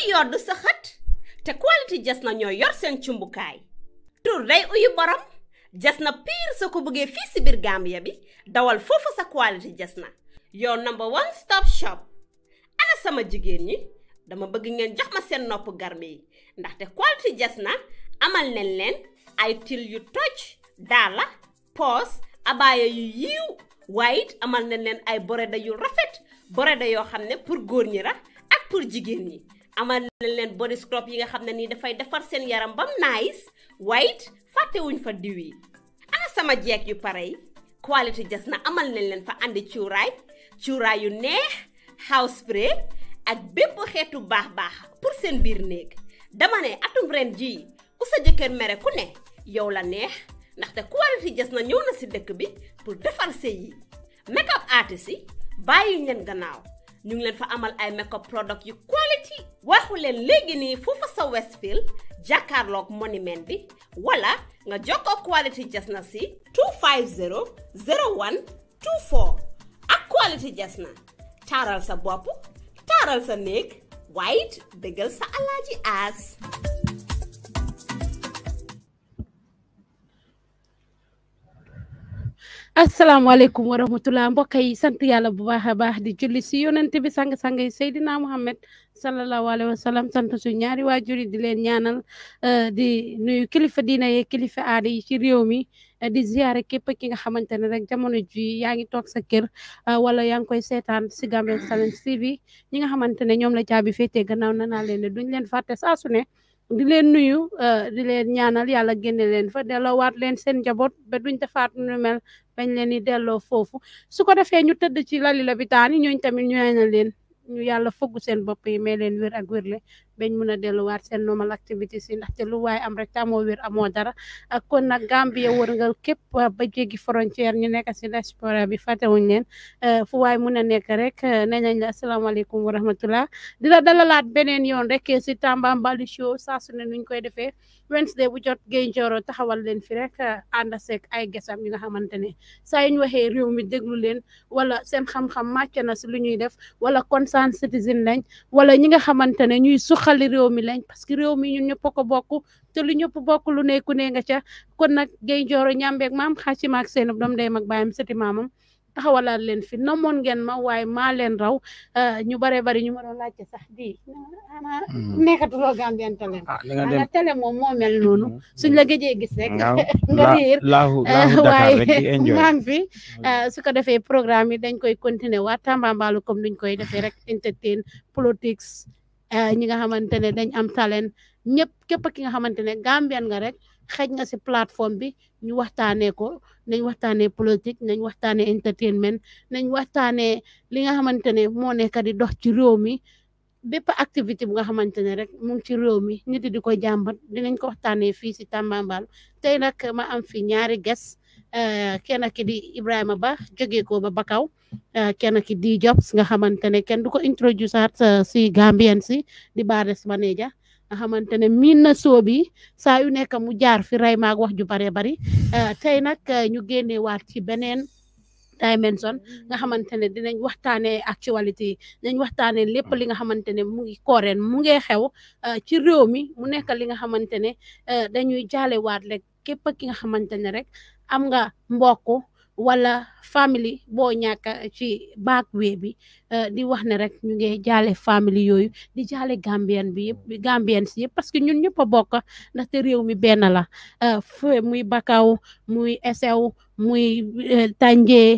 kuy yodd sa xët te quality jas na ñoo yor seen cumbukaay tur day uyu borom jas na piir soo ko bëggee fii si biir Gambia bi dawal foofu sa quality jas na yow number one stop shop ana sama jigéen ñi dama bëgg ngeen jox ma seen nopp garme yi ndax ndaxte quality jas na amal nañ leen ay til yu toj daala poos abaaya yu yiiw waaye amal nañ leen ay boreda yu rafet boreda yoo xam ne pour góor ñi la ak pour jigéen ñi amal nañ leen body scrub yi nga xam ne nii dafay defar seen yaram bam nice white fàttewuñ fa diw yi ana sama jeeg yu pare yi quality jas na amal nañ leen fa indi cuuraay cuuraay yu neex house spray ak bépp xeetu baax baax pour seen biir néeg dama ne atum ren jii ku sa jëkkër mere ku ne yow la neex ndaxte quality jas na ñëw na si dëkk bi pour defar sëy yi make up artist yi bàyyi leen gannaaw ñu ngi leen fa amal ay makeup product yu quality waxu leen léegi nii foofu sa Westfield jàkkaarloog monument bi wala nga jokkoo quality jas na si 250 01 24 ak quality jas na taaral sa bopp taaral sa néeg waaye it bégal sa alaaji aas asalaamaaleykum wa rahmatulah mbokk yi sant yàlla bu baax a baax di julli si yonent bi sang-sang yi Seydina Muhammad sallallahu alayhi wa sallam sant su ñaari waajuri di leen ñaanal eh, di nuyu kilifa diina yi kilifa aada yi ci réew mi eh, di ziare képp ki nga xamante ne rek jamono ji yaa ngi toog sa kër eh, wala yaa ngi koy seetaan si Gambian Talents TV ñi nga xamante ne ñoom la caabi féetee gannaaw na naa leen ne duñ leen fàtte saa su ne di leen nuyu di leen ñaanal yàlla génne leen fa delloowaat leen seen njaboot dañ leen di delloo foofu su ko defee ñu tëdd ci lali lopitaan yi ñooñu tamit ñu ñaanal leen ñu yàlla fogg seen bopp yi may leen wér ak wérle bañ mun a delluwaat seen normal activities yi ndaxte lu waaye am rek te amoo wér amoo dara ak kon nag Gambia wërngal képp ba jéggi frontière ñu nekk si diaspora bi fàttewuñ leen eh, fu waay mun a nekk rek eh, nee nañ la asalaamaaleykum wa rahmatullah di la dalalaat beneen yoon rek si tàmbam show saa su ne nuñ koy defee Wednesday bu jot Gaye Njorro taxawal leen fi rek eh, a seeg ay gesam yi nga xamante ne saa yu ñu waxee réew mi déglu leen wala seen xam-xam na si lu ñuy def wala concerned citizen lañ doxali réew mi lañ parce que réew mi ñun ñëpp ko bokk te lu ñëpp bokk lu ne ku ne nga ca kon nag gay njooro ñàmbeeg maam xaacima ak seen doom day mag bàyyam sëti maamam taxawalaat leen fi namoon ngeen ma waaye maa leen raw euh, ñu baree bari ñu ma doon laajte sax di ana hmm. nekkatuloo Gambian Talents ah, ana télé moom moo mel noonu hmm. suñ la gëjee gis rek nga riir euh, waaye maa ngi fi hmm. euh, su ko defee programme yi dañ koy continé continuer waa Tambambalu comme duñ koy defee rek entertain politics Eh, ñi nga xamante ne dañ am talent ñëpp képp ki nga xamante ne Gambian nga rek xëj nga si plateforme bi ñu waxtaanee ko nañ waxtaanee politique nañ waxtaanee entertainment nañ waxtaanee li nga xamante ne moo nekk di dox ci réew mi bépp activité bu nga xamante ne rek mu ci réew mi nit di ko jàmbat dinañ ko waxtaanee fii si Tambambalu tey nag ma am fi ñaari guest Eh, kenn ki di Ibrahima Ba jóge ko ba Bakaw eh, kenn ki di Jobs nga xamante ne kenn du ko introduce at eh, si Gambien si di bares manager nga xamante ne miin na soo bi saa yu nekk mu jaar fi ray maag wax ju bare bari tey nag ñu génne waat ci beneen dimension nga xamante ne dinañ waxtaanee actualité dinañ waxtaanee lépp li nga xamante ne mu ngi kooreen mu ngi xew ci réew mi mu nekk li nga xamante ne dañuy jaalewaat rek képp ki nga xamante ne rek am nga mbokk wala famille boo ñàkk ci baak wee bi euh, di wax ne rek ñu ngi jaale famille yooyu di jaale gambien bi yëpp gambien si yëpp parce que ñun ñëpp a bokk ndaxte réew mi benn la euh, fee muy bakaw muy esew muy euh, tànjee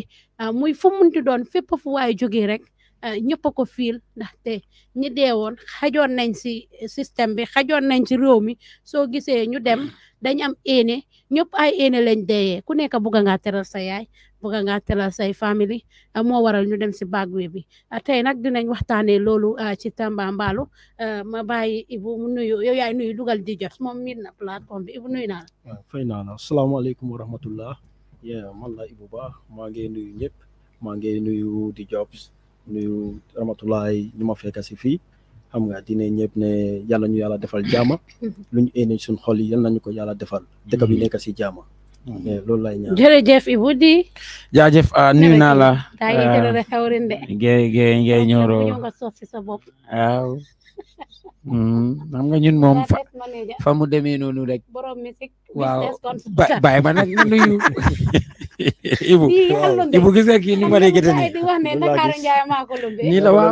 muy fu munti doon fépp fu waay jógee rek Eh, ñëpp a ko fiil ndaxte ñi deewoon xajoon nañ si système bi xajoon nañ si réew mi soo gisee ñu dem mm. dañ am éene ñëpp ay éene lañ deeyee ku nekk bugg ngaa teral sa yaay bugg ngaa teral say family eh, moo waral ñu dem si bagwe bi eh, tey nag dinañ waxtaanee loolu ci Tambambalu ma bàyyi Ibu mu nuyu yow yaay nuyu lugal di jot moom miin na plateforme bi Ibu nuyu naa fay naa la salaamaaleykum wa rahmatullah. man la Ibu Ba maa ngi nuyu ñëpp maa ngi nuyu di jobs nuyu ramatulaay ñu ma fekk si fii xam nga dine ñëpp ne ñu yàlla defal jaama lu ñu éene suñ xol yi yal nañu ko yàlla defal dëkk bi mm-hmm. nekk si jaama mm-hmm. eh, loolu lay ñaan jërëjëf Ibou Dee jaajëf ah, nuyu naa la daa ah. ngi jërëjëf Hmm, xam nga ñun moom fa fa mu demee noonu rek waaw bàyyi ma nag nuyu Ibu Ibu gis nga kii nu ma dee gëte la waaw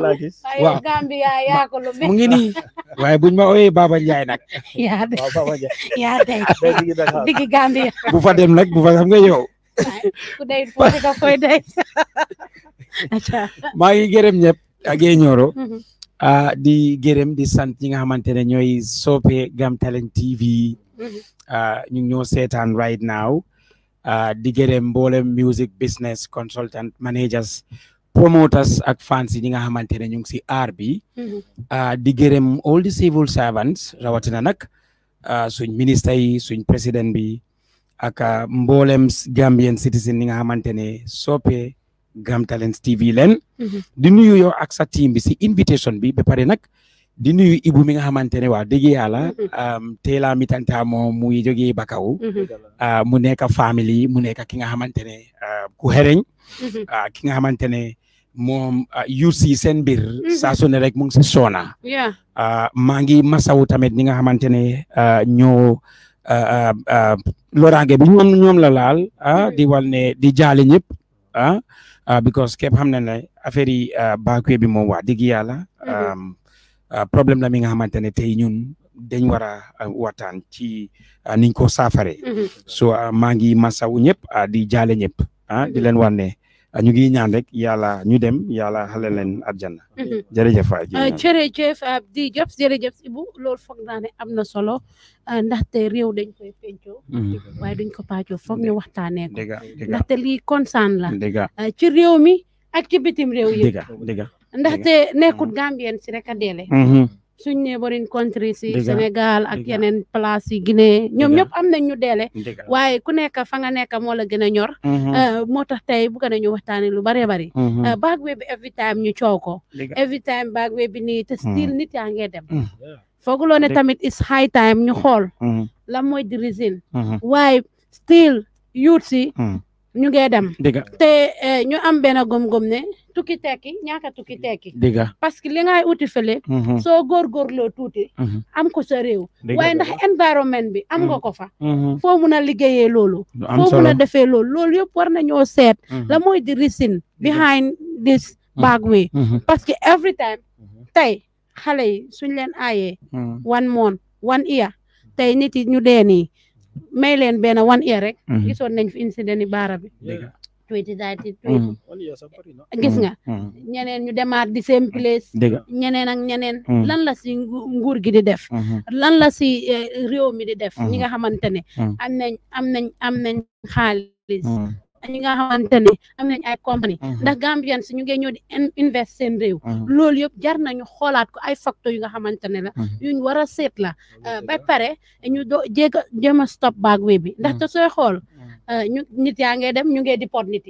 mu ngi nii buñ ma ooyee Baba Ndiaye nag yaa dey digg bu fa dem nag bu fa xam nga yow maa ngi gërëm ñëpp ak ñooro mm-hmm. Ah, di gërëm di sant ñi nga xamante ne ñooy soppe Gam Talent TV mhm. ah, ñu ngi ñoo seetaan right now ah, di gërëm mboolem music business consultant managers promoters ak fans yi nga xamante ne ñu ngi si aar bi di gërëm all the civil servants rawatina nag suñ ministre yi suñ président bi ak mboolem Gambian citizen yi nga xamante ne soppe Gram Talents TV leen di nuyu yow ak sa team bi si invitation bi ba pare nag di nuyu Ibu mi nga xamante ne waa dëgg yàlla teela mi tanta moom muy jógee Bakaw ah, mu nekk family mu nekk ki nga xamante ne ah, ku xereñ mhm. ah, ki nga xamante ne moom yuusi seen biir mhm. saa su ne rek mu ngi si soona maa ngi masawu tamit ñi nga xamante ne ñoo loraange bi ñoom ñoom la mhm. di wal ne di jaale ñëpp Euh, because képp xam na ne affaire yi euh, baakuwe bi moom wax dëgg yàlla mhm. um, euh, problème la mi nga xamante ne tey ñun dañ war a waxtaan ci niñ ko saafare mhm. so maa ngi masawu ñëpp di jaale ñëpp ah di mhm. leen wane a ah, ñu ngi ñaan rek yàlla ñu dem yàlla xale leen àjjana. Mhm. jërëjëf waay jërëjëf ah, di jobs jërëjëf Ibou loolu foog naa ne am na solo ah, ndaxte réew dañ koy pencoo mhm. waaye duñ ko paajoo foog ñu waxtaanee ko. ndaxte lii concerne la. ci réew mi ak ci bitim réew yëpp. ndaxte nekkut Gambien si rek a deele. Mhm. suñ neighboring countries yi Sénégal ak yeneen place Guinée ñoom ñëpp am na ñu deele waaye ku nekk fa nga nekk moo la gën a ñor mhm. euh, moo tax tey bëgg nañu waxtaane lu bare bari mhm. euh, baag wee bi every time ñu coow ko every time baag wee bi nii te still mhm. nit yaa ngee dem fooguloo ne tamit is high time ñu xool lan mooy di reason waaye still youth si ñu ngee dem te euh, ñu am benn gom-gom ne tukki tekki ñaaka tukki tekki parce que li ngay uti fële mhm. soo góorgóorloo tuuti mhm. am ko sa réew waaye ndax environnement bi am nga mhm. ko fa foo mun a liggéeyee loolu foo mun a defee loolu loolu yëpp war nañoo seet la mooy di reason behind this back way parce que every time tey xale yi suñ leen aayee one month one year tey nit yi ñu dee nii may leen benn one year rek gisoon nañ fi incident yi baara bi twenty nineteen mm. ah, twenty eh, gis nga mm. Mm. ñeneen ñu demaat di same place ñeneen ak ñeneen lan la si nguur gi di def mm-hmm. lan la si eh, réew mi di def ñi mm-hmm. nga xamante ne am nañ am nañ am nañ xaalis ñi nga xamante ne am nañ ay compagnie mhm. ndax Gambians ñu ngee ñëw di invest seen réew mhm. loolu yëpp jar nañu xoolaat ko ay facteurs yu nga xamante ne la mhm. yuñ war a seet la euh, ba pare ñu do jéeg a jéem stop back way bi ndaxte sooy xool euh, ñu nit yaa ngay dem ñu ngee di pot nit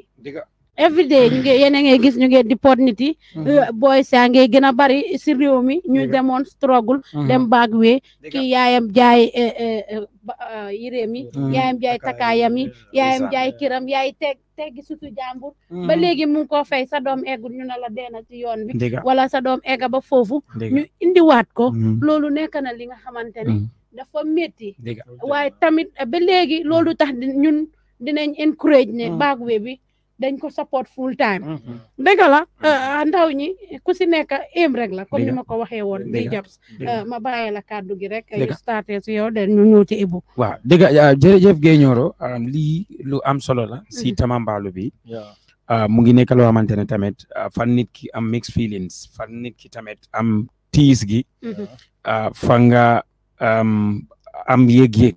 every day ñu ngi yéen a ngay gis ñu ngi deport nit yi mm-hmm. euh, booy saa ngay gën a bari si réew mi ñu demoon strogul mm-hmm. dem baag wee kii yaayam jaay euh, euh, yéreem mm-hmm. yi yaayam jaay takaayam yi yaayam jaay kiram yaay teg teggi sutu jàmbur ba léegi mu ngi koo fay sa doom eggul ñu ne la deena ci yoon bi wala sa doom egga ba foofu ñu indiwaat ko loolu nekk na li nga xamante ne dafa meti waaye tamit ba léegi loolu tax ñun dinañ encourage ne baag bi dañ ko support full time. Mm-hmm. dëgg la mm-hmm. uh, uh, ndaw ñi ku si nekk aim rek la. comme ni ma ko waxee woon. dëgg jabs uh, ma bàyyi la kàddu gi rek. dëgg la ñu starté si yow de ci Ibu. waaw dëgg jërëjëf Gaye Njoro lii lu am solo la. si mm-hmm. Tambambalu bi. mu ngi nekk loo xamante ne tamit fan nit ki am mixed feelings fan nit ki tamit am tiis gi. fa nga um, am yéeg yéeg.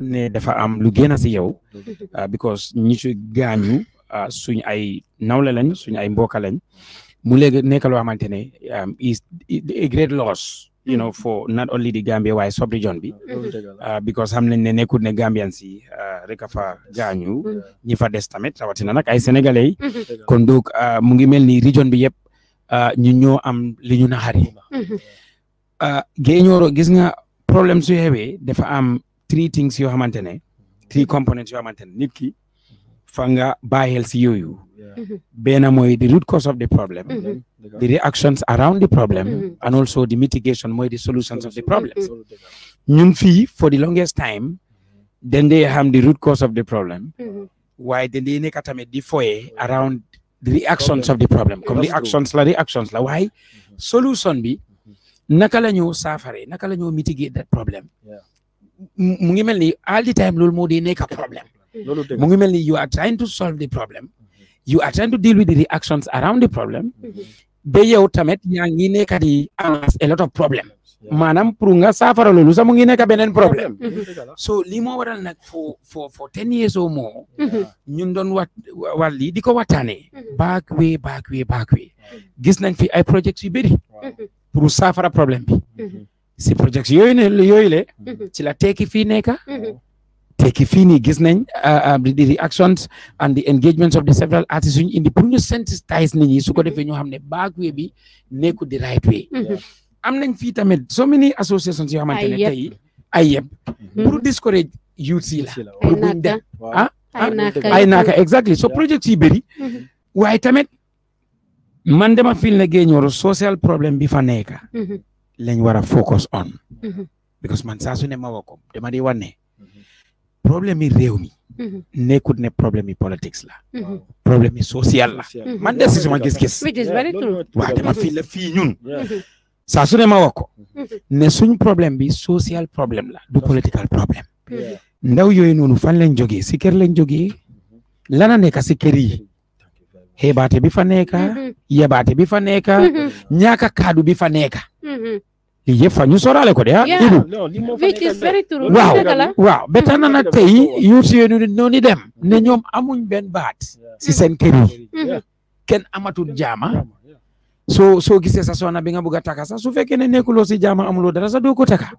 ne dafa am lu génn si yow ah, because ñi ci gaañu ah, suñ ay nawle lañ suñ ay mbokka lañ mu léegi nekk loo xamante ne um, is a great loss you know for not only the Gambia waaye sub-region bi ah, because xam nañ ne nekkut ne Gambian si rek a fa gaañu mm. ñi fa des tamit rawatina nag ay sénégalais yi mm-hmm. kon donc mu ngi mel ni region bi yëpp ñu ñoo am li ñu naxari mm-hmm. géeñooro gis nga problème su xewee am three things you have maintained, three components you have maintained. nit fanga by health you, si yooyu the root cause of the problem mm-hmm. the reactions around the problem mm-hmm. and also the mitigation mooy the solutions of the problems ñun mm-hmm. for the longest time then they have the root cause of the problem Why then they nekk tamit di around the reactions of the problem the reactions la reactions la why solution be nakala la ñoo nakala naka mitigate that problem mu ngi melni all the time loolu modi di problem problème hmm. mu ngi melni you are trying to solve the problem hmm. you are trying to deal with the reactions around the problem hmm. be yow tamet yaa ngi nekk di a lot of problem Manam pour nga safara lolou sa mu ngi nek benen problem so li mo waral nak for for for ten years or more ñun don wat wali lii di ko back way back way back way gis nañ fi ay projects yu bëri pour safara problem bi si projets yooyu ne yooyu le mm-hmm. ci la tekki fii nekk mm-hmm. tekki fii nii gis nañ the ah, ah, reactions and the engagements of the several artists in the pour ñu sensitize nit ñi su ko mm-hmm. defee ñu xam ne back way bi nekku the right way am nañ fii tamit so many associations yoo xamante ne tey ay yëpp pour discourage youth yi la pour buñ dem ah, ah ay naaka exactly so project yi bëri waaye tamit man dama fil ne géeñoor social problem. bi fa nekk lañ war a focus on mm-hmm. because man saa su ne ma woo dama di wane mm-hmm. problème yi réew mi mm-hmm. nekkut ne problème yi politics la problème yi social la man de suma gis-gis waaw dama fii la fii ñun saa su ne ma woo ko suñ problème bi social problème la du political problème ndaw yooyu noonu fan lañ jógee si kër lañ jógee lana nekk si kër yi bi fa nekka yebaate bi fa nekka ñaaka kaadu bi fa nekka Mm-hmm. lii yëpp fa ñu sorale ko de ah. Ibu waaw waaw ba na nag mm-hmm. tey yuur si yéen noonu dem ne ñoom amuñ benn baat si seen kër yi mm-hmm. kenn amatul jaama soo soo gisee sa soxna bi nga bëgg a taka sa su fekkee ne nekkuloo si jaama amuloo dara sa doo ko taka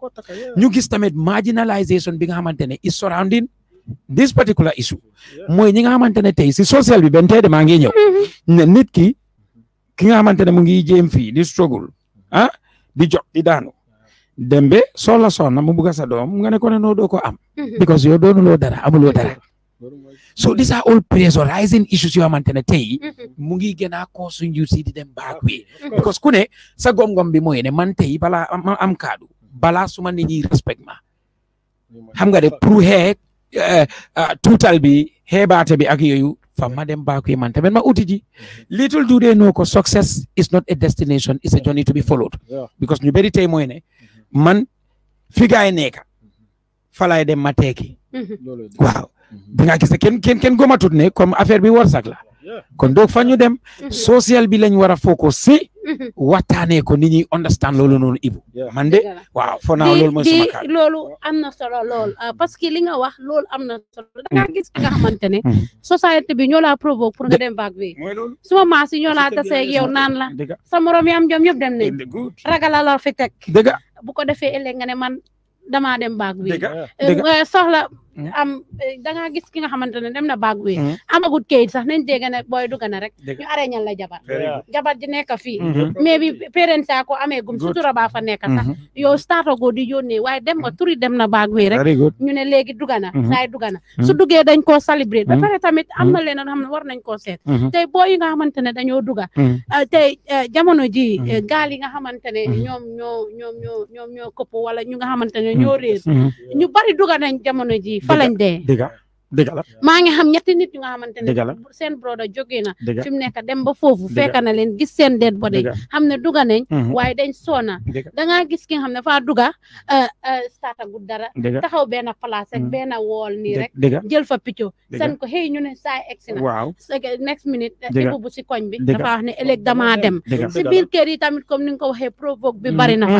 ñu gis tamit marginalisation bi nga xamante ne is surrounding this particular issue mooy ñi nga xamante ne tey si social bi benn tey de maa ngi ñëw ne nit ki ki nga xamante ne mu ngi jéem fii di struggle ah. di jog di daanu dembe soo la soxna mu bugg sa doom nga ne ko ne noo doo ko am mhm. because yow loo dara amuloo dara mhm. so these are all pressurizing issues yoo xamante ne tey mhm. mu ngi gën a ko suñ yu si di dem baak bi because ku ne sa gom-gom bi mooy ne man tey balaa am kaadu bala suma nit ñi respect ma xam nga de pour xee eh, eh, tuutal bi xeebaate bi ak yooyu famma dem back wi man tamen ma utiji little do they know ko success is not a destination it's a journey to be followed because ñu bëri tey mooy ne man fi gaay nekka falaay dem ma teeki mm-hmm. waaw bi mm-hmm. a gis ken kenn kenn kenn gomatut ne comme affaire bi warsak la kon do dem mhm. social bi lañ wara a ci watane ko nit ñi understand lolu non Ibu man de waaw fo naa loolu mooy sama kàddu lolu amna solo lolu ah, parce que li nga wax lolu amna solo da mm. nga gis nga xamantene ne mm. bi ñola provoke pour nga dem vague bi suma maas yi ñoo laa ak yow nan la sa morom yam jom ñep dem ne ragala la fi teg bu ko defé ele nga ne man dama dem vague bi euh, euh, soxla am eh, da ngaa gis ki nga xamante ne dem na baag na mm-hmm. amagut kayit sax nañ dégg ne booy dugg na rek ñu areñal la jabar jabar ji nekk mm-hmm. fi mais bi parents ko amee gum sutura baa fa nekk sax mm-hmm. yow starto go di yónnee waaye dem nga turi dem na baag wi rek ñu ne léegi duga na saay dugg na su duggee dañ koo célébrer ba pare tamit am na leneen xam ne war nañ koo seet tey booy yi nga xamante ne dañoo dugg eh, tey eh, jamono ji gaal yi nga xamante ne ñoom ñoo ñoo ñoo këpp wala ñu nga xamante ne ñoo ñu bari dugg nañ jamono ji fa lañ maa ngi xam ñetti nit ñu nga xamante ne seen broda jóge na fi mu nekk dem ba foofu fekk na leen gis seen dead body xam ne duga nañ waaye dañ soona dangaa gis ki nga xam ne faa duga stata gu dara taxaw benn place rek benn wool nii rek jël fa picco san ko xëy ñu ne saay egsi next minute ibu bu si koñ bi dafa wax ne ëllëg damaa dem si biir kër yi tamit comme ni nga ko waxee provoque bi bari na fa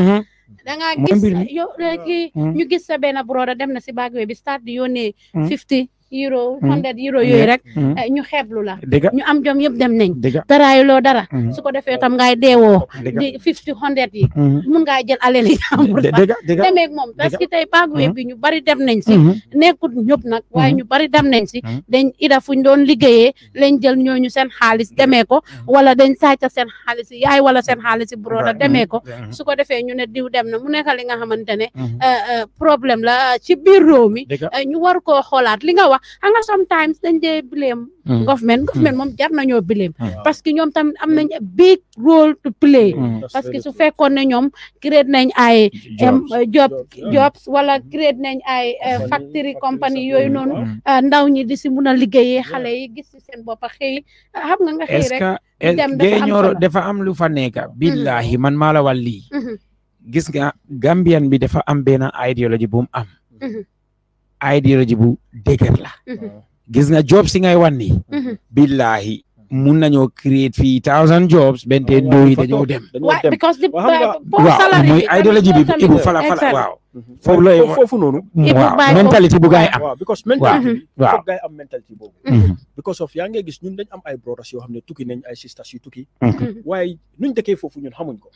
da ngaa gis yow kii hmm. ñu gis sa benn broda dem na si baag bi start di yónnee hmm. fifty euro hmm. hundred euro yooyu hmm. rek hmm. Eh, ñu xeeblu la ñu am jom yëpp dem nañ daraayu loo dara su ko defee tam ngay deewoo di fifty hundred yi mu ngaa jël ale ni jàmbur demeeg moom parce que tey paaguwe bi ñu bari dem nañ si nekkut ñëpp nag waaye ñu bari dem nañ si dañ ida fuñ doon liggéeyee lañ jël ñooñu seen xaalis demee ko wala dañ sàcca seen xaalis yaay wala seen xaalis broda demee ko su ko defee ñu ne diw dem na mu nekk li nga xamante ne eh, eh, problème la ci biir réew mi ñu war koo xoolaat li nga wax wax xam nga sometimes dañ dee blame hmm. government hmm. government moom jar nañoo blame hmm. parce que ñoom tamit am nañ big role to play parce que su fekkoon ne ñoom créé nañ ay job eh, jobs wala créé nañ ay eh, factory company yooyu noonu eh, ndaw ñi di si mun a liggéeyee xale yi gis si seen bopp xam nga nga xëy rek dem dafa am lu fa nekk mm-hmm. billahi man maala la wal lii mm-hmm. gis nga gambian bi dafa am benn idéologie bu am mm-hmm. idéologie bu dëgër la gis na job si ngay wan ni mhm. billahi mun nañoo create fii thousand jobs bente ndóo yi dañoo dem waaw uh, mooy idéologie bi ibu fala fala waaw mhm. foofu looy foofu noonu waaw mentalité bu gaay am because mentalité bi foog gaay am mentalité boobu mhm. because of yaa ngi gis ñun dañ am ay brothers yoo xam ne tukki nañ ay sisters yu tukki waaye nuñ dëkkee foofu ñun xamuñ ko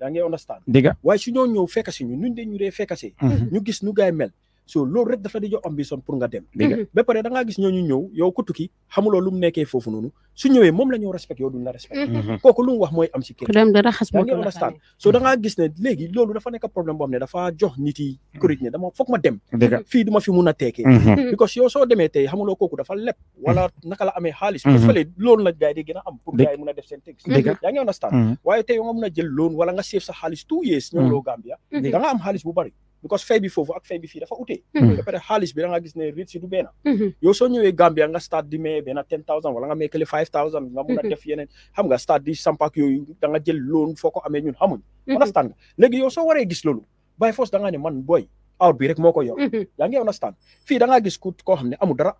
yaa ngi understand dëgg ñoo ñëw fekkasi ñu nuñ de ñu dee fekkasi ñu gis nu gaay mel so loolu rek dafa di jox ambition pour nga dem mhm. ba pare da nga gis ñu ñew yow ku tukki xamuloo lu mu nekkee foofu noonu su ñewé mom la ñoo respect yow duñ la respect mhm. mhm. koku lu mu wax moy am ci kër ngi understand so da nga gis né légui loolu dafa nekk problème bo xam dafa jox nit yi courage né dama fokk ma dem fi duma fi mëna téké because yow soo demee tey xamuloo koku dafa leb wala naka la amee xaalis parce que loolu la gaay di gëna am pour gaay mëna def sen teg yaa nga understand waaye tey yow nga mëna a jël loon wala nga save sa xaliss two years ñoo lo Gambia da nga am xaliss bu bari because fay bi foofu ak fay bi fi dafa outé da mhm. pare halis bi da nga gis ne rit ci du benn mhm. yo so ñëwé Gambia nga start di mé benn 10000 thousand wala nga meekale five thousand nga mëna mhm. def yenen xam nga start di sampak yooyu da nga jël loon foko amé ñun xamuñ understand nga légui yo so waré gis loolu by force da nga ne man boy out bi rek moo ya yor yaa understand fi da nga gis ku koo xam ne dara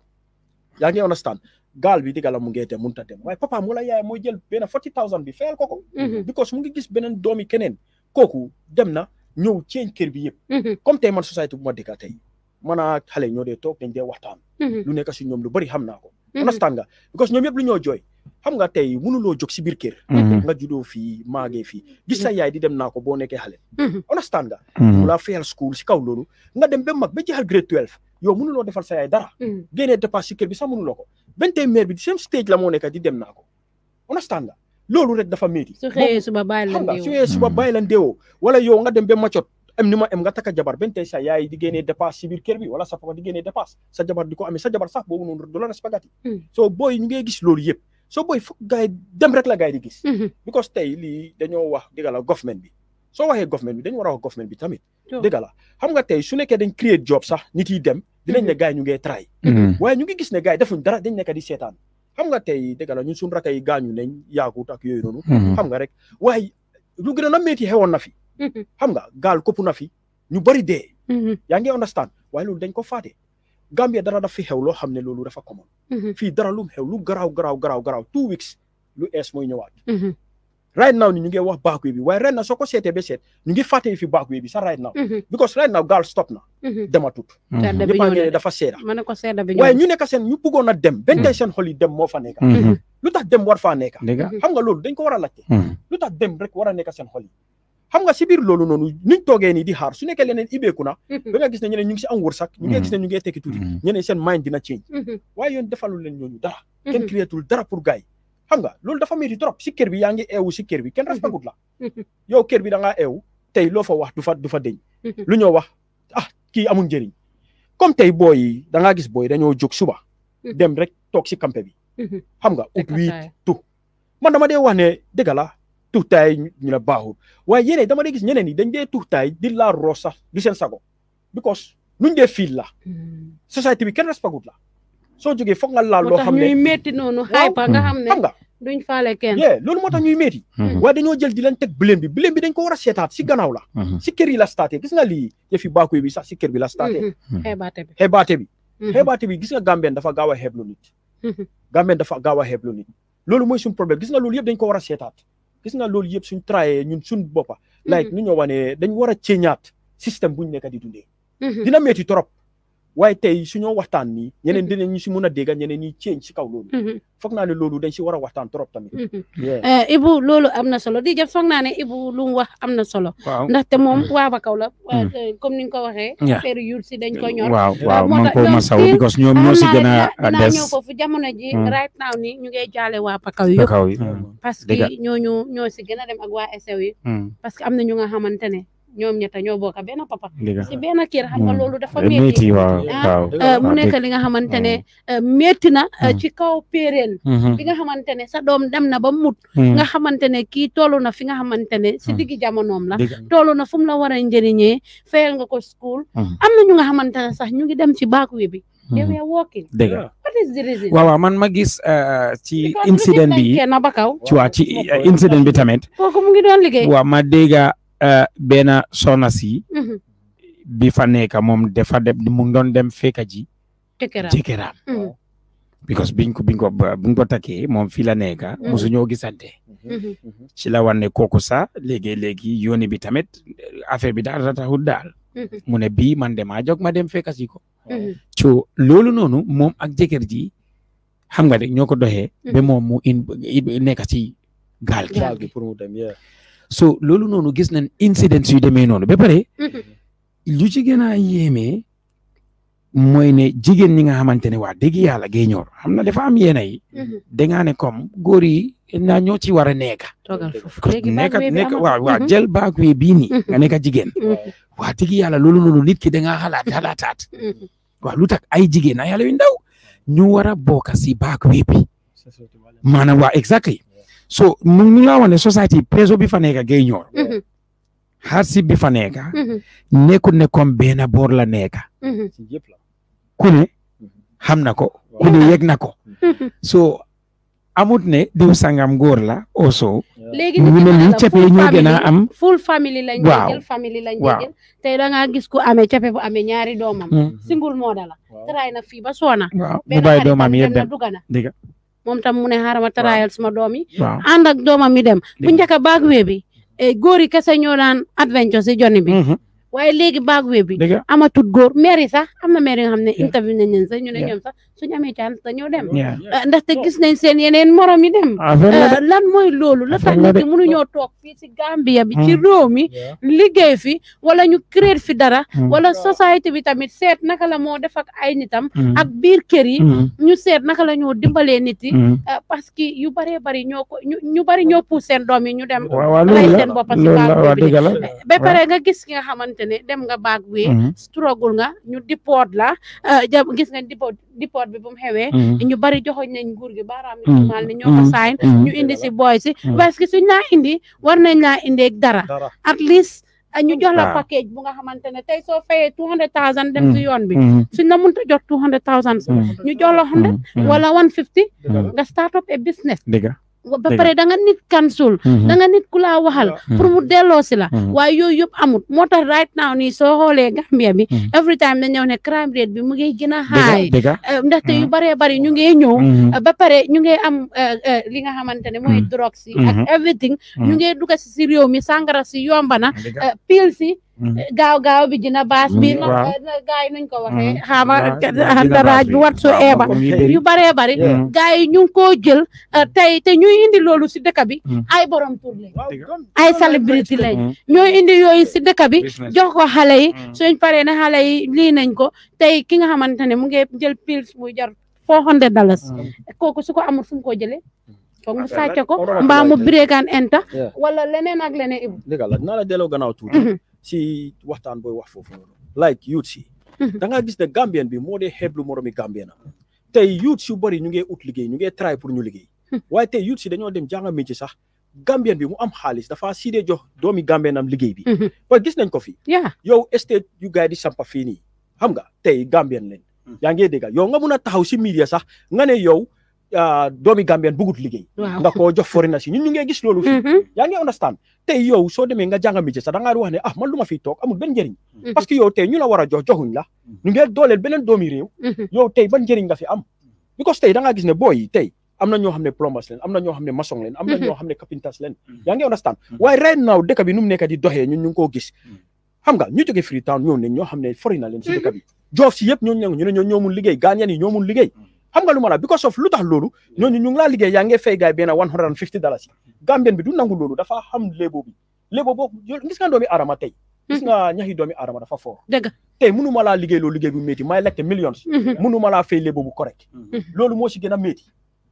yaa ngi understand gal bi digala mu ngeete munta dem way papa mu la yaay mooy jël benn forty thousand bi fayal koko because mu ngi gis beneen domi kenen koku dem ñëw ceeñ kër bi yëpp. Mhm. comme tey man société bu ma dëkka tey man a xale ñoo dee toog dañ dee waxtaan. Mhm. lu nekk si ñoom lu bari xam naa ko. Mhm. understand nga because ñoom yëpp lu ñoo jooy. xam nga tey mënuloo jog si biir kër. nga juddoo fii maagee fii gis sa yaay di dem naa ko boo nekkee xale. understand nga. mu laa fayal school si kaw loolu nga dem ba mag ba jeexal grade 12 yow loo defal sa yaay dara. génnee dépense si kër bi sax mënuloo ko benn tey meer bi di same stage la moo nekk di dem naa ko understand loolu rek dafa meti su xëyee suba bàyyi la ndeewoo su xëyee suba bàyyi la ndeewoo wala yo nga dem be macot am nima am nga taka jabar benn tey sa yaay di génnee dépasse ci bir kër bi wala sa papa di dépasse sa jabar diko amé sa jabar sax boobu non do la spaghetti. Hmm. so boy ñu ngey gis loolu yépp so boy fuk gaay dem rek la gaay di gis. Hmm. because tay li dañoo wax digala government bi So waxe government bi dañ wara wax government bi tamit. digala xam nga tay su nekké dañ create job sax nit yi dem. dinañ ne hmm. gaay ñu ngey try. waye ñu ngi gis né gaay defuñ dara dañ nekk di sétane xam nga tey dëgg la ñun suñu rakk yi gaañu nañ yaagut ak yooy noonu. Mhm. xam nga rek waaye lu gën na métti xewoon na fi. Mhm. xam nga gaal kopp na fi ñu bari dee. Mhm. yaa ngi understand waaye loolu dañ ko faate Gambia dara daf fi xew loo xam ne loolu dafa common. fii dara lu xew lu garaaw garaaw garaaw garaaw two weeks lu ees mooy ñëwaat. right now ni ñu ngi wax backway bi waaye right now soo ko seetee ba seet ñu ngi fàtte fi backway bi sax right now mhm. because right now gaal stop mhm. mhm. na dematut ñëpp a ngi ne dafa seeda waaye ñu nekk seen ñu bëggoon a dem benn tey seen xol dem moo fa nekk lu tax dem war faa nekk xam nga loolu dañ ko war a laajte lu tax dem rek war a nekk seen xol yi xam nga si biir loolu noonu nuñ toogee nii di xaar su nekkee leneen ibeeku na ba nga gis ne ñeneen ñu ngi si am wërsëg ñu ngi gis ne ñu ngi tekki tuuti ñeneen seen mind dina change waaye yoon defalul leen dara pour gars yi xam nga loolu dafa métti trop si kër bi yaa ngi eewu si kër bi kenn mhm. respecté la mhm. yow kër bi da ngaa eewu tey loo fa wax du fa du fa deñ mhm. lu ñoo wax ah ki amul njëriñ comme tey boy yi da ngaa gis boy dañoo jóg suba dem rek toog si campé bi xam nga ut wii tu man dama dee wax ne dëgg la tuxtaay ñu ne baaxul waaye yeneen dama dee gis ñeneen yi dañ dee di la roos sax du seen sago because nuñ dee fiil la société bi kenn respecté la soo jogee foog nga laal loo xam ne ñuy métti noonu xaypa nga xam ne xam nga duñ faale kenn yee loolu moo tax ñuy métti mm-hmm. waaye dañoo jël di leen teg blame bi blame bi dañ ko war a seetaat si gannaaw la mm-hmm. si kër yi la staté gis nga lii yëfi baakuy bi sax si kër bi la staté mm-hmm. xeebaate bi xeebaate bi xeebaate bi gis nga gambeen dafa gaaw a xeeblu nit gambeen dafa gaaw a xeeblu nit loolu mooy suñ problème gis nga loolu yëpp dañ ko war a seetaat gis nga loolu yëpp suñ trayé ñun suñ boppa like ñu ñoo wanee dañ war a ceñaat système buñ nekk di dundee dina métti trop waaye tey suñoo waxtaan nii ñeneen mhm. dinañ ñu si mun a dégg ñeneen ñi change si kaw loolu mhm. foog naa loolu dañ si war a waxtaan trop tamit mhm. eh, Ibu loolu am na solo di jëf foog naa ne Ibu lu mu wax am na solo ndaxte moom waa ba kaw la eh, comme ni nga ko waxee affaire yu si dañ ko ñor waaw waaw eh, man ko ma saw because ñoom ñoo si gën a des ñëw foofu jamono ji mm. right now ni ñu ngay jaale waa ba kaw yëpp parce que ñooñu ñoo si a dem ak waa SEW yi mm. parce que am na ñu nga xamante ne ñoom ñetta ñoo bokk benn papa si benn kër xam nga hmm. loolu dafa métti ah, euh, mu nekk li nga xamante ne métti hmm. euh, na euh, hmm. ci kaw péereen bi nga xamante ne sa doom dem na ba mut nga xamante ne kii toll na fi nga xamante ne si diggi jamonoom la toll na fu mu la war a njëriñee fayal nga ko school am na ñu nga xamante ne sax ñu ngi dem ci baakuwe bi they were walking dëgg waaw waaw man ma gis ci incident bi ci waa ci incident bi tamit kooku mu ngi doon liggéey waaw ma dégga Eh, benn soxna si mhm. bi fa nekk moom dafa dem mu doon dem fekka ji jëkkëraam mhm. because biñ ko biñ ko buñ ko takkee moom fii la nekk mhm. mosuñoo gisante ci la wane kooku sa léegi léegi yooni bi tamit affaire bi daal taxul daal mu ne bii man demaa jóg ma dem fekka si ko ci loolu noonu moom ak jëkkër ji xam nga rek ñoo ko doxee mu in nekk ci gaal gi so loolu noonu gis nañ incidents yu demee noonu ba pare lu ci gën a yéeme mooy ne jigéen ñi nga xamante ne waa dëgg yàlla gay ñor xam na dafa am yéena yi dangaa ne comme góor yi naa ñoo ci war a nekk nekka nekk waaw waaw mhm. jël baag wi bii nii mhm. nga nekk jigéen mhm. waa dëgg yàlla loolu noonu nit ki dangaa xalaat xalaataat waaw lu tax ay jigéen ay xale yu ndaw ñu war a bokk si baag wi bi maanaam waa exactly so mu ngi laa wane society peso bi fa nekk ngay ñor xarsi mm-hmm. bi fa nekk mm-hmm. nekkul ne comme benn boor la nekk mm-hmm. ku na ko ku ne na ko so amut ne diw sangam góor la oso léegi ñu ne lii cape ñoo gën a am full family lañ jël family lañ jël tey da ngaa gis ku amee cape bu amee ñaari doomam single moo da la tray na fii ba soona waaw mu bàyyi doomam yëpp moom tam mu ne xaaral taraayal suma doom yi. waaw ànd ak doomam mi dem. bu njëkk a baag wee bi e, góor yi kese ñoo daan adventure si jonni bi. Mm-hmm. waaye léegi baag wee bi. amatut góor maire yi sax am na maire yoo xam ne interview nañ leen sax ñu ne ñoom sax. suñu amé tan dañu dem ya. eh, dem. te gis nañ seen yeneen morom yi dem. Ah, eh, lan moy lolu la tax nit mënu ñoo tok fi ci Gambia bi ci hmm. réew mi ya. liggéey fi wala ñu créer fi dara. Hmm. wala society bi tamit seet naka la mo def ak ay nitam. Hmm. ak biir kër yi. ñu seet naka la ñoo dimbalé nit yi. Eh, parce que yu bari bari ñoo ko ñu bari ñoo pou seen doom yi ñu dem. waaw seen bop ci ba paré nga gis nga xamantene dem nga baag wi struggle nga ñu dipot la gis nga dipot dipot code bi ba mu xewee mm-hmm. ñu bari joxoñ nañ nguur gi baaraam ñu mm-hmm. mal ni ñoo ko mm-hmm. saayin ñu indi si boy si parce que suñ laa indi war nañ laa indeeg dara at least uh, ñu jox la ah. package bu nga xamante ne tey soo fayee two hundred thousand dem si yoon bi suñ la mënta jot two hundred thousand ñu jox la wala one fifty nga start up a business ba pare da nga nit kansul mhm. da nga nit ku laa waxal mu mhm. delloo si la mhm. waaye yooyu yëpp amut moo ta right now ni soo xoolee Gambia bi every time dañ ñëw ne crime rate bi mu ngi gën a xaay eh, ndaxte yu bëree bëri ñu ngi ñëw eh, ba pare ñu ngi am eh, li nga xamante ne mooy drogue si ak everything ñu ngi dugg si si réew mi sàngara si yomba na pil Mm. gaaw gaaw bi dina baas bi no gaay nuñ ko mm. waxee xama daraaj whatsoever yu baree bari gaay yi ñu koo jël uh, tey te ñuy indi loolu si dëkk bi mm. ay borom tur lañ ay célébrité lañ ñooy indi yooyu si dëkk bi jox ko xale yi suñ paree ne xale yi lii nañ ko tey ki nga xamante ne mu ngi jël pils muy jar four hundred dollars kooku su ko amul fu mu ko jëlee foog mu sàcce ko mbaam mu bireekaan enta wala leneen ak leneen ibu dëgg la dinaa la delloo si waxtaan boy wax foofu like youth mhm. si da ngaa gis ne Gambien bi modé heblu moromi Gambien tay youth yu bari ñu ngi out liggéey ñu ngi try pour ñu liggéey hmm. waye tay youth si dañu dem jànga ci sax Gambien bi mu am xaliss dafa sidé jox domi Gambien am liggéey bi ba mhm. gis nañ ko fi yow estate yu gaay di sampa fini, hamga, xam nga tay Gambien leen hmm. ya ngee dégal yow nga mëna taxaw si media sax nga né yow Ah, doomi Gambien bugut liggéey. nga koo jox foreigners yi ñun ñu ngi gis loolu. fii mhm. yaa ngi understand tey yow soo demee nga jànga métier sax da ngaa di wax ne ah man lu ma fiy toog amul benn njëriñ. Mhm. parce que yow tey ñu la war a jox joxuñ la. Mhm. ñu ngi dooleel beneen doomi réew. yow tey ban njëriñ nga fi am. because tey da ngaa gis ne booy yi tey am na ñoo xam ne plumbers leen am na ñoo xam ne maçon leen. am na ñoo xam ne carpenters leen. yaa ngi understand waaye right now dëkk bi nu mu nekk di doxee ñun ñu ngi koo gis. xam nga ñu jógee Freetown ñoo ne ñoo xam ne foreigner leen si dëkk bi joof si yëpp ñooñu ñu ne ñoo ñoo mun liggéey Ghanaian yi ñoo mun liggéey xam nga lu ma la because of lu tax loolu ñooñu ñu ngi laa liggéey yaa ngi fay gaay benn one hundred and fifty dollars yi mm-hmm. Gambien bi du nangu loolu dafa xam lébo bi lébo boo gis nga doomi aadama tey gis mm-hmm. nga ñaxi doomi aadama dafa foor dëgg tey mënu ma laa liggéey loolu liggéey bu métti may lekk millions mm-hmm. mënu ma laa fay lébo bu correct loolu moo si gën a métti